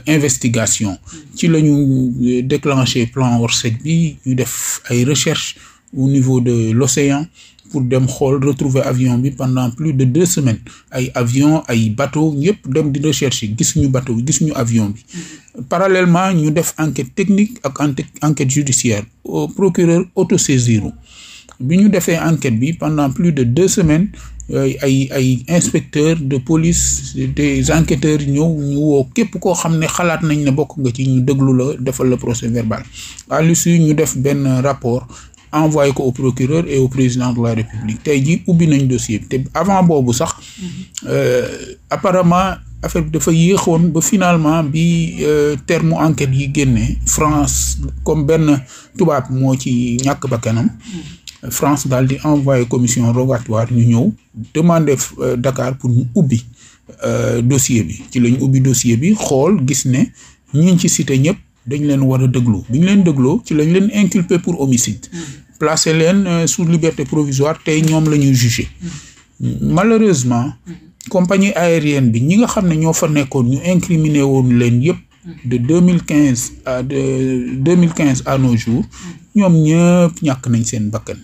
Speaker 2: investigation. ci la ñu déclenché plan Orsec bi ñu def ay recherche au niveau de l'océan pour dem xool retrouver avion bi pendant plus de deux semaines ay avion ay bateau yëpp dem di recherche gisuñu bateau bi gisuñu avion bi parallèlement ñu def enquête technique ak enquête judiciaire au auto autosaisiru bi ñu defee enquête bi pendant plus de deux semaines ay ay inspecteur de police des enquêteurs ñëw ñu woo képp koo xam ne xalaat nañ ne bokk nga ci ñu déglu la defal la procès verbal à l'issue ñu def benn rapport envoyé ko au procureur et au président de la république tey jii ubbi nañu dossier bi te avant boobu sax euh, apparemment affaire bi dafa yéexoon ba finalement bi euh, terme enquête yi génne France comme benn tubaab moo ci ñàkk bakkanam France daal di envoyé commission rogatoire ñu ñëw demander euh, dakaar pour ñu ubbi dossier bi ci lañu ubbi dossier bi xool gis ne ñiñ ci cité ñëpp dañ leen war a déglu bi ñu leen dégloo ci lañ leen inculpé pour homicide mm-hmm. placé leen euh, sous liberté provisoire tey ñoom la ñuy jugé mm-hmm. malheureusement mm-hmm. compagnie aérienne bi ñi nga xam ne ñoo fa nekkoon ñu incriminé woon leen yëpp de deux mille quinze à de deux mille quinze à nos jours ñoom ñëpp ñàkk nañ seen bakkan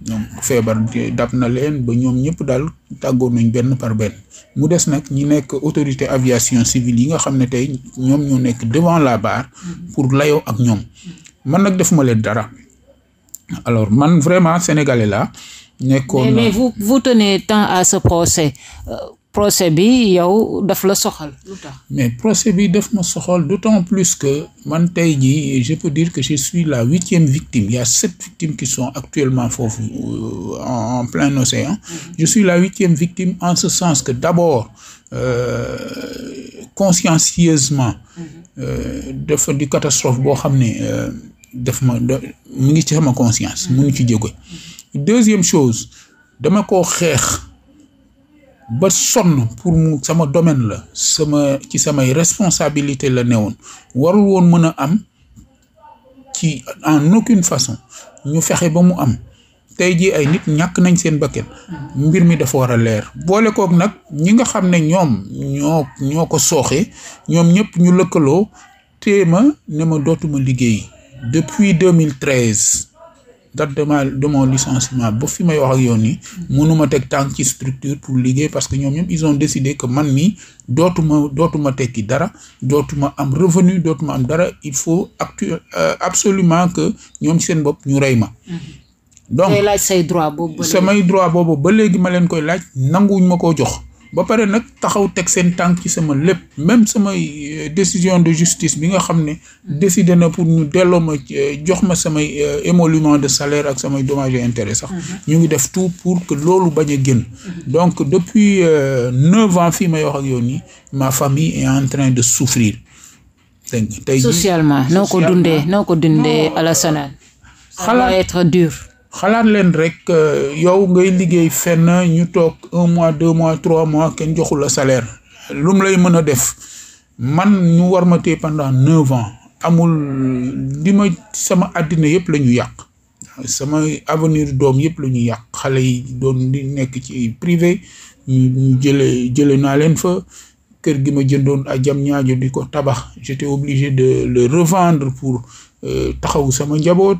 Speaker 2: ñoom feebar dab na leen ba ñoom ñëpp daal tàggoon nañ benn par benn mu des nag ñi nekk autorité aviation civile yi nga xam ne tey ñoom ñoo nekk devant la barre pour layoo ak ñoom man nag defuma leen dara alors man vraiment sénégalais la nekkoon mais, mais vous
Speaker 1: vous tenez tant à ce procès euh, procès bi yow daf la soxal lu tax.
Speaker 2: mais procès bi daf ma soxal d'autant plus que man tey jii je peux dire que je suis la huitième victime il y a sept qui sont actuellement foofu euh, en plein océan. je la huitième victime en ce sens que d'abord euh, consciencieusement. Euh, dafa di catastrophe boo xam ne euh, daf ma mu ngi ci sama conscience. mu ngi ci jóge. deuxième chose dama ko xeex. ba sonn pour mu sama domaine la sama ci samay responsabilité la newoon warul woon mën a am ci en aucune façon ñu fexe ba mu am tey jii ay nit ñàkk nañ seen bakkan mbir mi dafa war a leer boole kook nag ñi nga xam ne ñoom ñoo ñoo ko sooxee ñoom ñëpp ñu lëkkaloo téema ne ma dootuma liggéey depuis 2013 date de ma de mon licenciement ba fi may wax ak yoon nii mënuma teg tànk ci structure pour liggéey parce que ñoom ñoom ils ont décidé que man mii dootuma dootuma tekki dara dootuma am revenu dootuma am dara il faut actu euh, absolument que ñoom seen bopp ñu rey ma mm-hmm. donc samay droit boobu ba léegi ma leen koy laaj nanguwuñ ma koo jox ba pare nag taxaw teg seen tànk ci sama lépp même sama euh, décision de justice bi nga xam ne décider na pour ñu delloo ma euh, jox ma samay euh, émolument de salaire ak samay dommages et intérêts sax mm-hmm. ñu ngi def tout pour que loolu bañ a génn mm-hmm. donc depuis neuf ans fii may wax ak yow nii ma famille est en train de souffrir te socialement noo ko
Speaker 1: dundee noo ko dundee Alassane ça va être xalaat leen rek euh, yow ngay liggéey
Speaker 2: fenn ñu toog un mois deux mois trois mois kenn joxul a salaire lu lay mën a def man ñu war ma téye pendant neuf ans amul li ma sama àddina yëpp lañu yàq sama avenir doom yëpp la ñu yàq xale yi doon di nekk ci privé ñu jëlee jële naa leen fa kër gi ma jëndoon a jam ñaajo di ko tabax j'étais obligé de le revendre pour euh, taxaw sama njaboot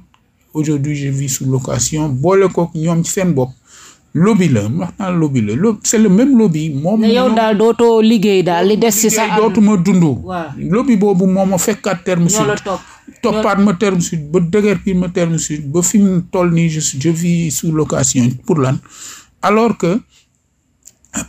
Speaker 2: aujourd'hui je vis sous location boole kook ñoom seen bopp lobby la wax naa lobby la lo c'est le même lobby. moom yow daal
Speaker 1: liggéey daal li des ci sa. dootuma
Speaker 2: dund. lobbi boobu moo ma fekkaat terme sud. toppaat ma terme sud ba dëgër piir ma terme ba fi mu toll nii je je vis sous location pour lan alors que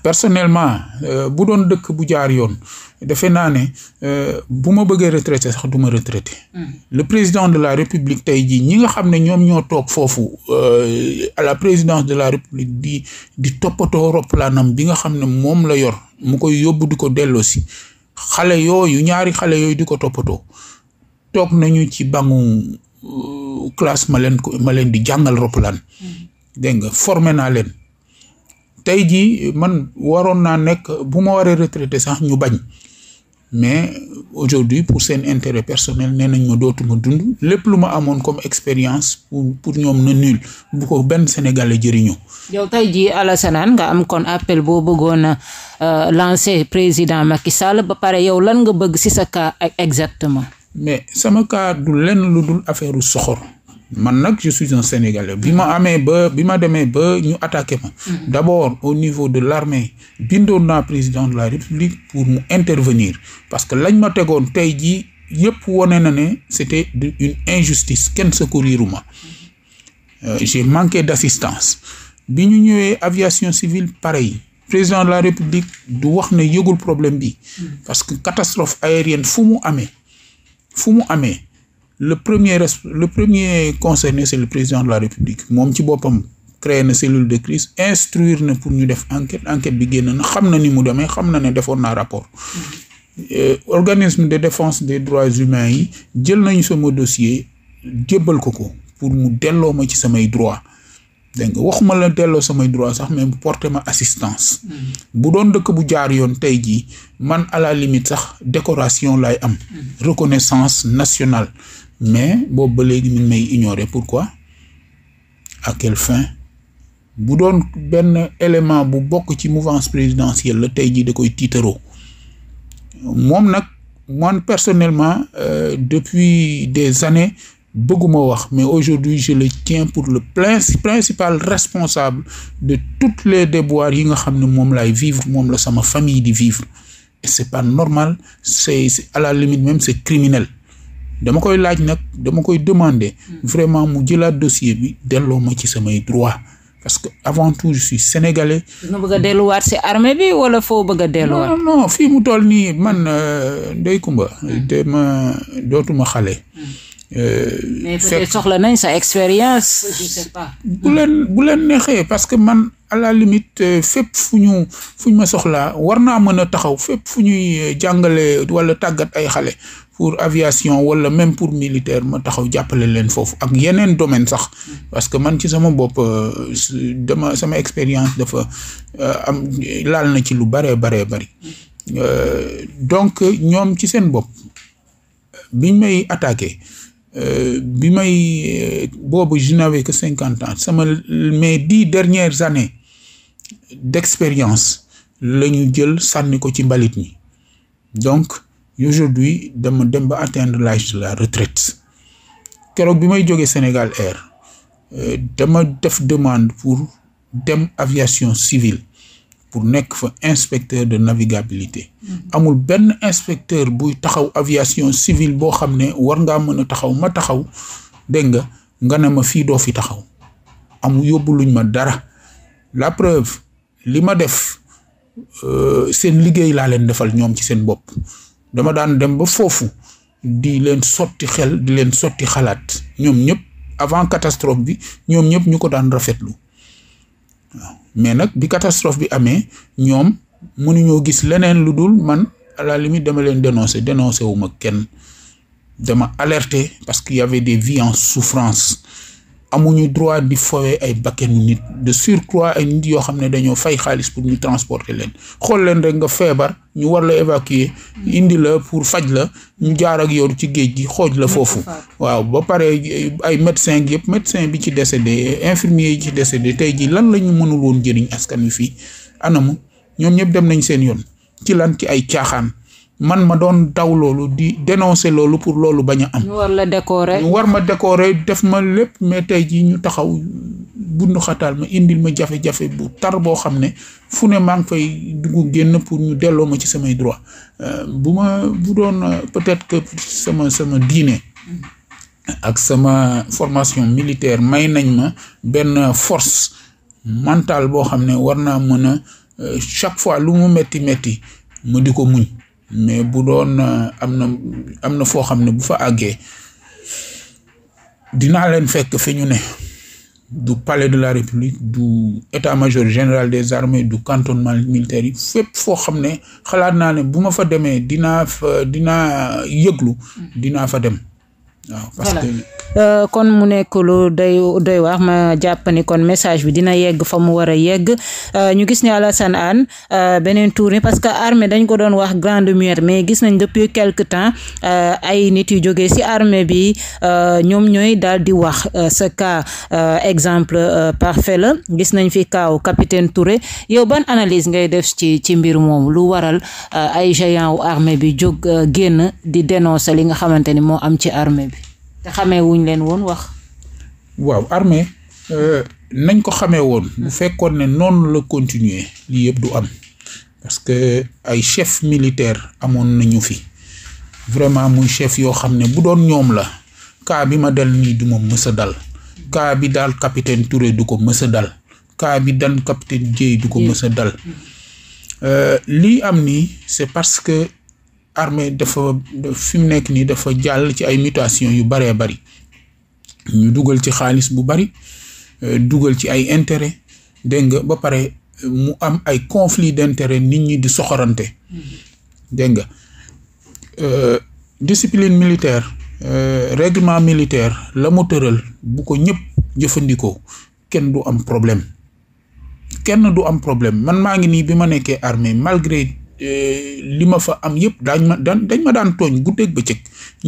Speaker 2: personnellement euh, bu doon dëkk bu jaar yoon. defe naa ne euh, bu ma bëggee retraité sax du ma retraité. Hmm. le président de la république tey jii ñi nga xam ne ñoom ñoo toog foofu euh, à la président de la république di di toppatoo roppalaanam bi nga xam ne moom la yor mu koy yóbbu di ko delloosi xale yooyu ñaari xale yooyu di ko toppatoo toog nañu ci bangu euh, classe ma leen ma leen di jàngal roplaan. Hmm. dégg nga naa leen. tey jii man waroon naa nekk bu ma waree retraité sax ñu bañ. mais aujourd'hui pour seen intérêt personnel nee nañ ma dootuma dund lépp lu ma amoon comme expérience pour pour ñoom na nul bu ko benn sénégal jëriñoo.
Speaker 1: yow tey jii Alassane nga am kon appel boo bëggoon a euh, lancer président Macky Sall ba pare yow lan nga bëgg ci sa cas exactement.
Speaker 2: mais sama cas du lenn lu dul affaire soxor. man nag je suis un Sénégalais bi ma amee ba bi ma demee ba ñu attaqué ma mm-hmm. d' abord au niveau de l' armée bindoon naa président de la république pour mu intervenir parce que lañ ma tegoon tey jii yëpp wone na ne c' était une injustice kenn secourir ma euh, j'ai manqué d' assistance bi ñu ñëwee aviation civile pareil président de la république du wax ne yëgul problème bi mm-hmm. parce que catastrophe aérienne fu mu amee fu mu amee le premier le premier concerné c'est le président de la république moom ci boppam créer na cellule de crise instruire na pour ñu def enquête enquête bi génn na xam na ni mu demee xam na ne defoon naa rapport euh, organisme de défense des droits humains yi jël nañu sama dossier jébbal ko ko pour mu delloo ma ci samay droit dégg nga waxuma la delloo samay droit sax mais bu porté ma assistance bu doon dëkk bu jaar yoon tey jii man à la sax décoration lay am mm. reconnaissance nationale mais boobu ba léegi mi ngi may ignorer pourquoi à quelle fin bu doon benn élément bu bokk ci mouvance présidentielle la tey jii da koy tiitaroo moom nag man personnellement euh, depuis des années bëgguma wax mais aujourd'hui je le tiens pour le principal responsable de toutes les déboires yi nga xam ne moom lay vivre moom la sama famille di vivre et c'est pas normal c'est à la limite même c'est criminel dama koy laaj nag dama koy demander hmm. vraiment mu jëlaat dossier bi delloo ma ci samay droit parce que avant tout je suis sénégalais.
Speaker 1: nga bëgg a delluwaat si armée bi wala foo bëgg a delluwaat. non
Speaker 2: non fii mu toll nii man euh, Ndeye Comba. Hmm. dama dootuma xale. Hmm. Euh, mais soxla
Speaker 1: nañ sa expérience. je sais pas. bu
Speaker 2: leen bu parce que man à la limite euh, fépp fu ñu fu ñu ma soxlaa war naa mën a taxaw fépp fu ñuy jàngale wala tàggat ay xale pour aviation wala même pour militaire ma taxaw jàppale leen foofu ak yeneen domaine sax parce que man ci sama bopp euh, dama sama expérience dafa euh, am laal na ci lu baree baree bari euh, donc ñoom ci seen bopp biñ may attaqué bi may boobu je n'avais cinquante ans sama mais di dernières années d'expérience la ñu jël sànni ko ci mbalit ñi donc et aujourd'hui dama dem ba atteindre l'âge de la retraite keroog bi may jógee Sénégal Air euh, dama def demande pour dem aviation civile pour nekk fa inspecteur de navigabilité mm-hmm. amul benn inspecteur buy taxaw aviation civile boo xam ne war ngaa mën a taxaw ma taxaw dégg nga nga ne ma fii doo fi taxaw amul yóbbu luñ ma dara la preuve li ma def euh, seen liggéey laa leen defal ñoom ci seen bopp dama daan dem ba foofu di leen sotti xel di leen sotti xalaat ñoom ñëpp avant catastrophe bi ñoom ñëpp ñu ko daan rafetlu waaw mais nag bi catastrophe bi amee ñoom mënuñoo gis leneen lu dul man à la limite dama leen dénoncé dénoncé wu ma kenn dama alerté parce que y des vies en souffrance amuñu droit di fowe ay bakkenu nit de surcroît ay nit yoo xam ne dañoo fay xaalis pour ñu transporter leen xool leen rek nga feebar ñu war la évacuer indi la pour faj la ñu jaar ak ci géej gi xooj la foofu waaw ba pare eh, ay médecin yëpp médecin bi ci décédé infirmier yi ci décédé tey ji lan la ñu mënul woon jëriñ askan wi fii anamu ñoom ñëpp dem nañ seen yoon ci lan ci ay caaxaan man ma doon daw loolu di dénoncer loolu pour loolu bañ a am. ñu war war ma décorer def ma lépp mais tey jii ñu taxaw bundu ma indil ma jafe-jafe bu tar boo xam ne fu ne maa fay dugg génn pour ñu delloo ma ci samay droit euh, bu ma bu doon euh, peut-être que sama sama diine. ak sama formation militaire may nañ ma benn force mentale boo xam ne war naa mën a euh, chaque fois lu mu metti metti ma di ko muñ. mais bu doon euh, am na am na foo xam ne bu fa àggee dinaa leen fekk fi ñu ne du palais de la république du état-major général des armées du cantonnement militaire yi fépp foo xam ne xalaat naa ne bu ma fa demee dinaa fa dinaa yëglu mm. dinaa fa dem
Speaker 1: waaw parce euh, kon mu nekk lu doy doy wax ma jàpp ni kon message bi dina yegg fa mu war a yegg euh, ñu gis ni Alassane Anne euh, beneen tournée parce que armée dañ ko doon wax grande muette mais gis nañ depuis quelque temps ay nit yu jógee si armée bi ñoom ñooy daal di wax ca cas exemple parfait la gis nañ fi kaaw capitaine toure yow ban analyse ngay def ci ci mbir moom lu waral ay géant wu armée bi jóg génn di dénoncer li nga xamante ni moo am ci armée bi. te xamee wuñ leen woon wax.
Speaker 2: waaw armée euh, nañ ko xamee woon. bu fekkoon ne noonu la continuer lii yëpp du am parce que ay chef militaire amoon nañu fi vraiment muy chef yoo xam ne bu doon ñoom la kaa bi ma dal nii du ma mës dal cas bi daal capitaine Touré du ko mës a dal cas bi dan capitaine Dieye du ko mës a dal euh, lii am nii c'est parce que. armée dafa fi mu nekk nii dafa jàll ci ay mutation yu baree bari ñu dugal ci xaalis bu bari euh, dugal ci ay intérêt dégg nga ba pare euh, mu am ay conflit d'intérêt nit ñi di soxorante mm-hmm. dégg nga euh, discipline militaire réglement militaire la mu tëral bu ko ñëpp jëfandikoo kenn du am problème kenn du am problème man maa ngi nii bi ma nekkee armée malgré Eh, li ma fa am yëpp daañ ma daan dañ ma daan tooñ ba bëccëg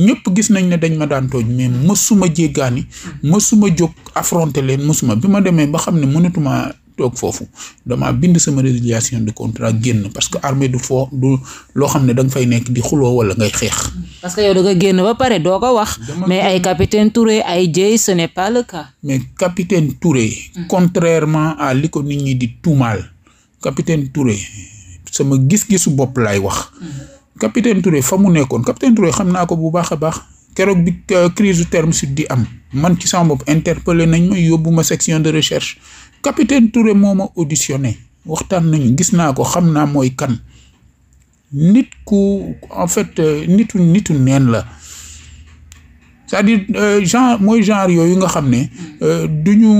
Speaker 2: ñëpp gis nañ ne dañ ma daan tooñ mais mësuma jéggaani mësuma jóg affronter leen mësuma bi ma demee ba xam ne mënatuma toog foofu dama bind sama résiliation de contrat génn parce que armée du foo du loo xam ne da nga fay nekk di xuloo wala ngay xeex.
Speaker 1: parce que da nga génn ba pare doo ko wax. mais ay capitaine Touré ay Dieye ce n'est pas
Speaker 2: Touré. Mm. contrairement à li ko nit ñi di tuumaal capitaine Touré. sama gis-gisu bopp laay wax. Mm-hmm. capitaine Touré fa mu nekkoon capitaine Touré xam naa ko bu baax a baax keroog bi euh, crise terme sud di am man ci sama bopp interpellé nañ ma yóbbu ma section de recherche capitaine Touré moom ma waxtaan nañu gis naa ko xam naa mooy kan nit ku en fait euh, nitu nitu neen la. c'est-à-dire euh, genre mooy genre yooyu nga xam ne mm-hmm. du ñu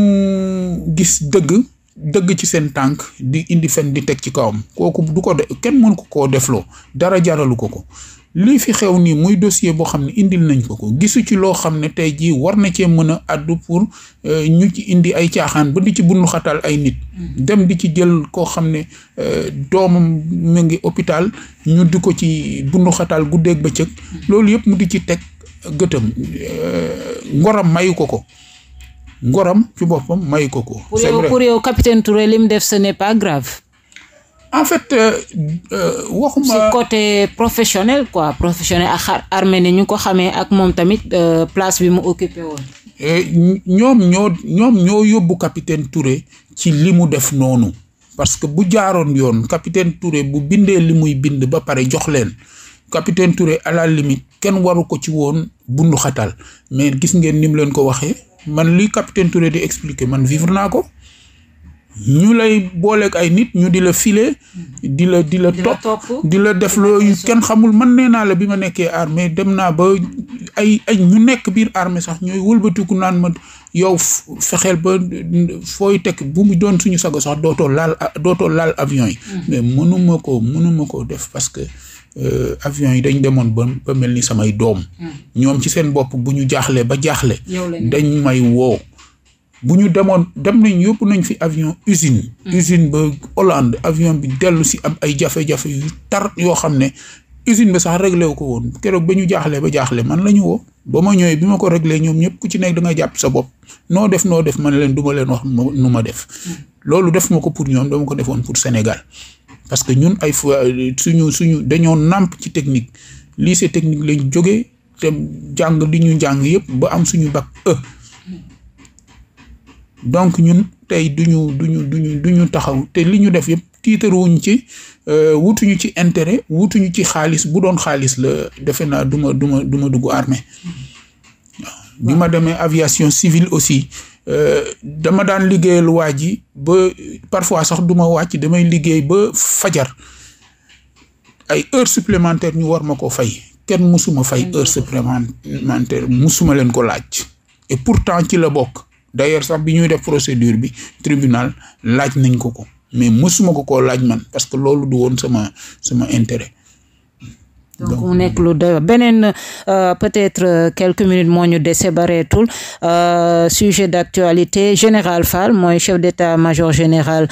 Speaker 2: gis dëgg dëgg ci seen tànk di indi fen di teg ci kawam kooku du ko de kenn mënu ko koo defloo dara jaralu ko ko lii fi xew nii muy dossier boo xam ne indil nañ ko ko gisu ci loo xam ne tey jii war na cee mën a àddu pour euh, ñu ci indi ay caaxaan ba di ci bundu xatal ay nit. Mm. dem di ci jël koo xam ne euh, doomam mu ngi hôpital ñu di ko ci bundu xatal guddeeg bëccëg. Mm. loolu yëpp mu di ci teg gëtëm euh, ngoram mayu ko ko. ngorom ci boppam mayu ko ko. c'est pour
Speaker 1: yow capitaine Touré limu mu def ce n'est pas grave. en fait euh, euh, waxuma. ci côté professionnel quoi professionnel ak xar armée ñu ko xamee ak moom tamit euh, place bi mu occupé woon.
Speaker 2: ñoom ñoo yóbbu capitaine Touré ci li mu def noonu parce que bu jaaroon yoon capitaine Touré bu bindee li muy bind ba pare jox leen capitaine Touré à la kenn waru ko ci woon bundu xatal mais gis ngeen ni leen ko waxee. man luy capitaine Touré di expliquer man vivre naa ko ñu lay booleeg ay nit ñu di la filer di la di la topp di la def looyu kenn xamul man nee naa la bi ma nekkee armée dem naa ba ay ay ñu nekk biir armée sax ñooy wëlbatiku naan ma yow fexeel ba fooy tekk bu mu doon suñu sago sax dootoo laal dootoo laal avion yi mm. mais mënuma ko mënuma ko def parce que Euh, avion yi dañ demoon ba mel ni samay doom. Hmm. ñoom ci seen bopp bu ñu jaaxlee ba jaaxle. dañ may woo. bu ñu demoon dem nañ yóbbu nañ fi avion usine. Hmm. usine ba Hollande avion bi dellu si am ay jafe-jafe yu tar yoo xam ne usine ba sax réglé wu ko woon keroog ba ñu jaaxlee ba jaaxle man la ñu woo. ba ma ñëwee bi ma ko réglé ñoom ñëpp ku ci nekk da jàpp sa bopp noo def noo def ma ne leen du ma leen wax nu ma def. Hmm. loolu def ma ko pour ñoom dama ko defoon pour Sénégal. parce que ñun ay fois suñu suñu dañoo nàmp ci technique lii lycée technique lañ jógee te jàng li ñu jàng yëpp ba am suñu bac e donc ñun tey duñu duñu duñu duñu taxaw te li ñu def yëpp tiitaruwuñ ci euh, wutuñu ci intérêt wutuñu ci xaalis bu doon xaalis la defe naa duma duma duma dugg armée ma demee aviation civile aussi Euh, dama daan liggéeyal waa ji ba parfois sax duma wàcc damay liggéey ba fajar ay heure supplémentaires ñu war ma ko fay kenn mësuma fay heure supplémentaire musuma leen ko laaj et pourtant ci la bokk d'ailleurs sax bi ñuy def procédure bi tribunal laaj nañ ko ko mais musuma ko koo laaj man parce que loolu du woon sama sama intérêt
Speaker 1: donc mu nekk lu doy beneen euh, peut-être euh, quelques minutes moo ñu dese bareetul euh, sujet d'actualité général Fall mooy chef d'état-major général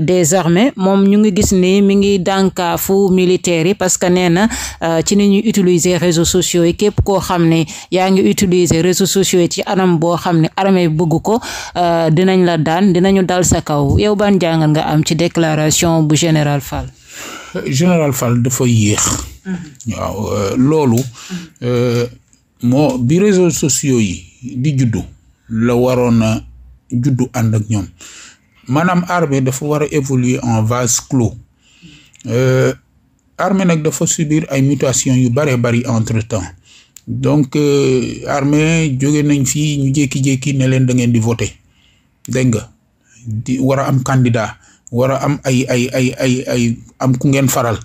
Speaker 1: des armées moom ñu ngi gis ni mi ngi fu militaires yi parce que nee na ci ni ñu utiliser réseaux sociaux yi képp koo xam ne yaa ngi utiliser réseaux sociaux yi ci anam boo xam ne yi bëgg ko dinañ la daan dinañu dal sa kaw yow ban jàngal nga am ci déclaration bu général Fall.
Speaker 2: général Fall dafa yéex. Mm-hmm. waaw euh, loolu. Euh, moo bi réseaux sociaux yi di juddu la waroon juddu ànd ak ñoom maanaam armée dafa war a évoluer en vase clos euh, armée nag dafa subir ay mutations yu bare bari entre temps donc armée jóge nañ fii ñu jékki-jékki ne leen da ngeen di voter dégg nga di war a am candidat war a am ay ay ay ay ay am ku ngeen faral.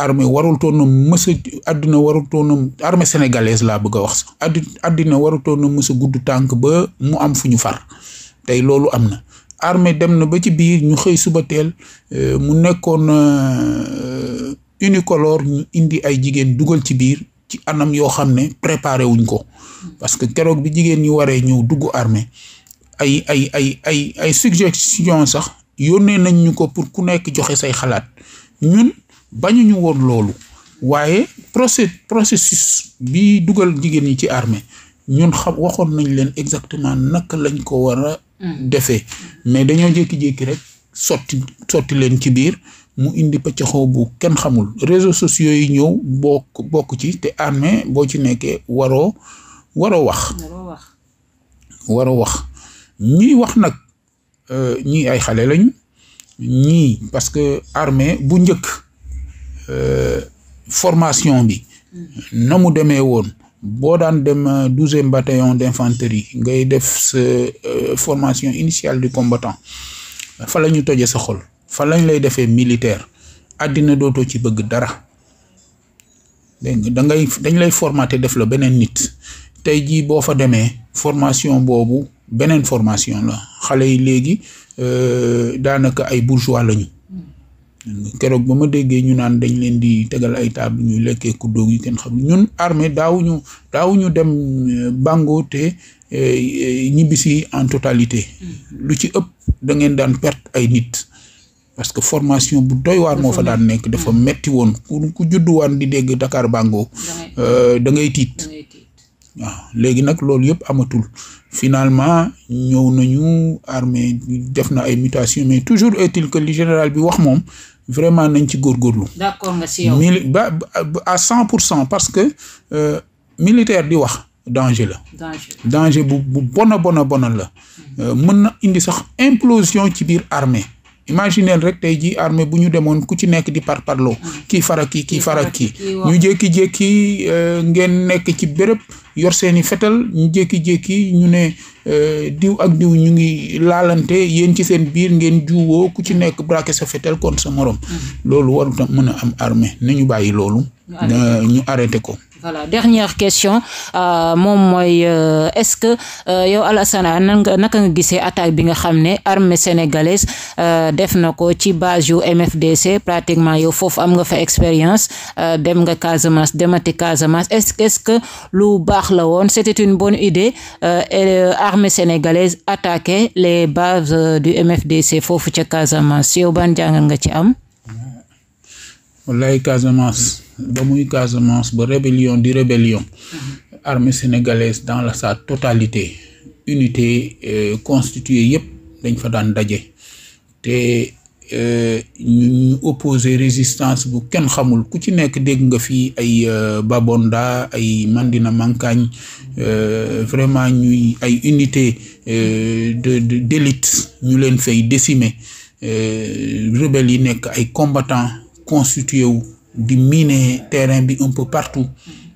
Speaker 2: armée warutoon a mës a àddina warutoon a armée sénégalaise la bëgg a wax sax addi àddina warutoon a mës gudd tànk ba mu am fu ñu far tey loolu am na armée dem na ba ci biir ñu xëy suba teel euh, mu nekkoon euh, unicolore ñu indi ay jigéen dugal ci biir ci anam yoo xam ne préparé wuñ ko parce que keroog bi jigéen ñi waree ñëw dugg armée ay ay ay ay ay suggestion sax yónnee nañ ñu ko pour ku nekk joxe say xalaat ñun bañuñu woon loolu waaye procé processus bi dugal jigéen ñi ci armée ñun xam waxoon nañ leen exactement naka lañ ko war a mm. defee mais dañoo jékki-jékki rek sotti sotti leen ci biir mu indi pëccaxoo bu kenn xamul réseaux sociaux yi ñëw bokk bokk ci te armée boo ci nekkee waroo waroo wax waroo wax ñii wax nag euh, ñii ay xale lañ ñii parce que armée bu njëkk Euh, formation bi na mu demee woon boo daan dem euh, douzième bataillon d'infanterie ngay def sa euh, formation initiale du combattant fa la ñu toje sa xol fa lañ lay defee militaire àddina dootoo ci bëgg dara dégg nga dañ lay formaté def la beneen nit tey jii boo fa demee formation boobu beneen formation la xale yi léegi daanaka ay bourgeois lañu keroog ba ma déggee ñu naan dañ leen di tegal ay table ñuy lekkee ku yi yu kenn xam ñun armée daawuñu daawuñu dem euh, bango te euh, ñibbisi en totalité hmm. lu ci ëpp da ngeen daan perte ay nit parce que formation bu doy waar moo fa daan nekk dafa metti woon ku judduwaan di dégg Dakar bango euh, da ngay tiit waaw léegi nag loolu yëpp amatul finalement ñëw nañu armée def na ay mutation mais toujours est-il que li général bi wax moom vraiment nañ ci góor góorlu
Speaker 1: nga si yow. mili
Speaker 2: ba à cent pour cent parce que euh, militaire di wax danger la. danger danger bu bu bona bona bona la. Euh, mën na indi sax implosion ci biir armée. imagineel rek tey ji armee bu ñu demoon ku ci nekk di par parloo kii fara kii kii fara kii ñu jékki-jékki euh, ngeen nekk ci béréb yor seeni fetal ñu jékki-jékki ñu ne euh, diw ak diw ñu ngi laalante yéen ci seen biir ngeen juwoo ku ci nekk braqué sa fetal kon sa morom mm-hmm. loolu waruta mën a am armée ñu bàyyi loolu ñu arrêté ko euh,
Speaker 1: voilà dernière question euh, moom mooy euh, est-ce que euh, yow Alassane nan nga naka nga gisee attaque bi nga xam ne armée sénégalaise def na ko ci base yu MFDC pratiquement yow foofu am nga fa expérience dem nga Casamance demati Casamance est-ce que est-ce que lu baax la woon c'était une bonne idée armée sénégalaise attaquer les bases du MFDC foofu ca Casamance yow ban jàngal nga ci am.
Speaker 2: wallaay Casamance. ba muy Casamance ba rébellion di rébellion armée sénégalaise dans la sa totalité unité euh, constituée yëpp dañ fa daan daje te euh, ñu opposé résistance bu kenn xamul ku ci nekk dégg nga fii ay euh, Babonda ay Mandina Mankagne euh, vraiment ñuy ay unité de d'élite ñu leen fay décimer rebelles yi nekk ay combattants constitué wu di miine terrain bi un peu partout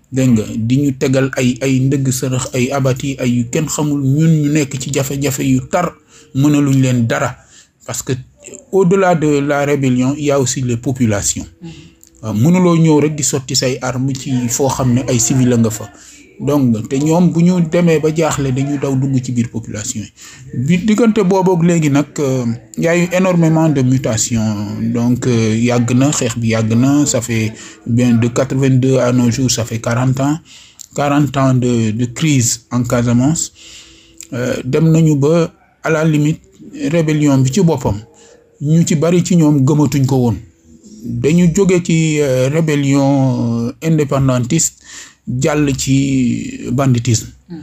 Speaker 2: dégg nga di ñu tegal ay ay ndëgg sërëx ay abati ay yu kenn xamul ñun ñu nekk ci jafe-jafe yu tar mënaluñ leen dara parce que au-delà de la rébellion il y a aussi les populations mm-hmm. mënuloo ñëw rek di sotti say armes ci foo xam ne ay civil a nga fa donc te ñoom bu ñu demee ba jaaxle dañu daw dugg ci biir population yi bi diggante boobook léegi nag euh, y a énormément de mutation donc euh, yàgg na xeex bi yàgg na ça fait bien de quatre-vingt-deux à nos jours ça fait quarante ans quarante ans de de crise en Casamance euh, dem nañu ba à la limite rébellion bi ci boppam ñu ci bari ci ñoom gëmatuñ ko woon dañu jóge ci rébellion indépendantiste jàll ci banditisme hmm.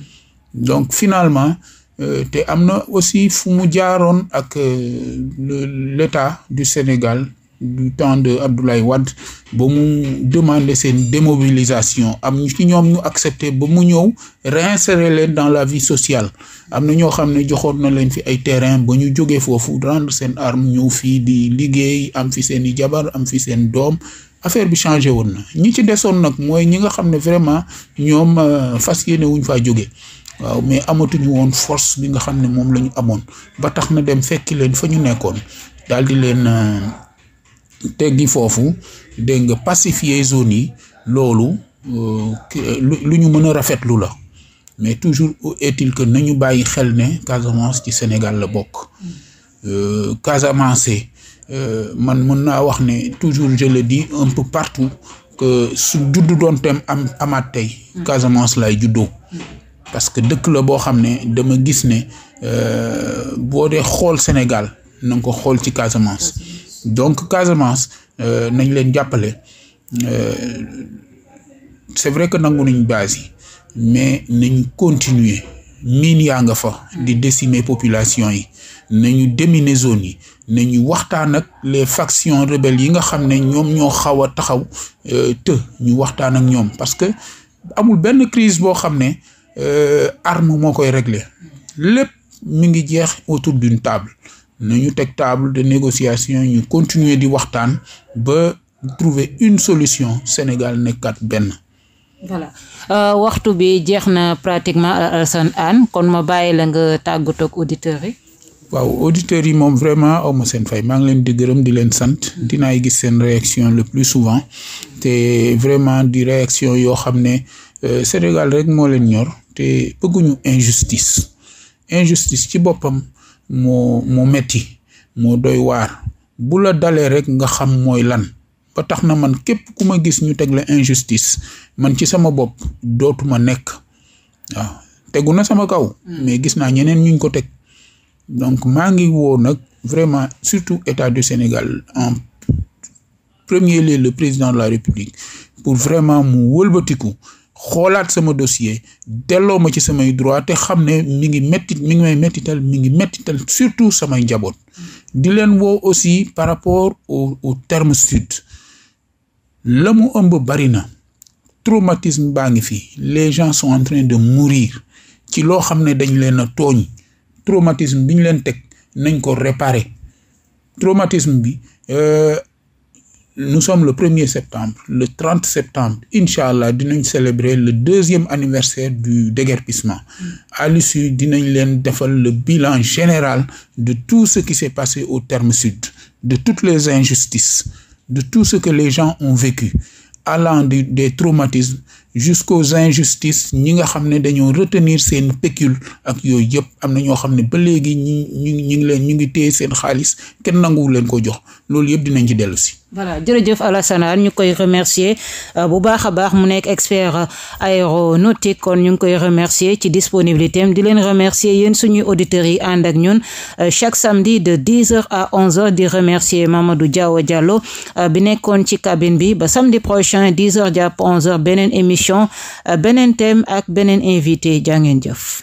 Speaker 2: donc finalement euh, te am na aussi fu mu jaaroon ak euh, l'État du Sénégal du temps de Abdoulaye Wade ba mu demande seen démobilisation am ci ñoom ñu accepté ba mu ñëw réinsérer leen dans la vie sociale am na ñoo xam ne joxoon na leen fi ay terrain ba ñu jógee foofu rendre seen arme ñëw fii di liggéey am fi seen i jabar am fi seen doom affaire bi changé woon na ñi ci desoon nag mooy ñi nga xam ne vraiment ñoom euh, fas yéene wuñ faa jógee waaw mais amatuñu woon force bi nga xam ne moom la ñu amoon ba tax na dem fekki leen fa ñu nekkoon daal di leen euh, teggi foofu dégg nga pacifier zone yi loolu euh, lu ñu mën a rafetlu la mais toujours est-il que nañu bàyyi xel ne Casamance ci Sénégal la bokk Casamance. Euh, man mën naa wax ne toujours je le un peu partout que su juddu doon am amaat tey. Mm. Casamance lay juddoo. parce que dëkk la boo xam ne dama gis ne euh, boo dee xool Sénégal na ko xool ci Casamance. donc Casamance euh, nañ leen jàppale c'est vrai que nangu nañ base yi mais nañ continuer mine yaa nga fa di mm. décimer population yi nañu demine zone yi. ne ñu waxtaan ak les factions rebelles yi nga xam ne ñoom ñoo xaw a taxaw euh, te ñu waxtaan ak ñoom parce que amul benn crise boo xam ne euh, arme moo koy régler lépp mi ngi jeex autour d'une table ñu teg table de négociation ñu continuer di waxtaan ba trouver une solution Sénégal nekkat benn
Speaker 1: voilà euh, waxtu bi jeex na pratiquement Alassane Hann kon ma bàyyi la nga tàggatoo ak auditeurs yi
Speaker 2: waaw auditeurs yi moom vraiment aw ma seen fay maa ngi leen di gërëm di leen sant dinaay gis seen réaction le plus souvent te vraiment di réaction yoo xam ne euh, Sénégal rek moo leen ñor te bëgguñu injustice injustice ci boppam moo moo metti moo doy waar bu la dalee rek nga xam mooy lan ba tax na man képp ku ma gis ñu teg la injustice man ci sama bopp dootuma nekk waaw tegu na sama kaw hmm. mais gis naa ñeneen ñuñ ko teg donc maa ngi woo nag vraiment surtout état de Sénégal en premier lieu le président de la République pour vraiment mu walbatiku xoolaat sama dossier delloo ma ci samay droit te xam ne mi ngi métti mi ngi may méttital mi ngi méttital surtout samay njaboot di leen woo aussi par rapport au au terme sud la mu ëmb bari na traumatisme baa ngi fi les gens sont en train de mourir ci loo xam ne dañ leen a tooñ traumatisme bi ñu leen teg nañ ko réparer traumatisme bi euh, nous sommes le premier septembre le 30 septembre incha allah dinañ célébrer le deuxième anniversaire du déguerpissement à l'issue dinañ leen defal le bilan général de tout ce qui s'est passé au terme sud de toutes les injustices de tout ce que les gens ont vécu allant des traumatismes jusqu'aux injustices ñi nga xam ne dañoo retenir seen pécule ak yooyu yëpp am na ñoo xam ne ba léegi ñi ñu ñu ngi leen ñu ngi téye seen xaalis kenn nanguwu leen ko jox loolu yëpp dinañ ci dellu
Speaker 1: voilà jërëjëf Alassane Hann ñu koy remercier euh, bu baax a baax mu nekk expert euh, aéronautique kon ñu ngi koy remercier ci disponibilité am di leen remercier yéen suñuy auditeurs yi ànd ak ñun euh, chaque samedi de 10h à 11 di remercier Mamadou Diaw Diallo bi nekkoon ci cabine bi ba samedi prochain 10h jàpp 11h beneen émission beneen thème ak beneen invité jaa ngeen jëf.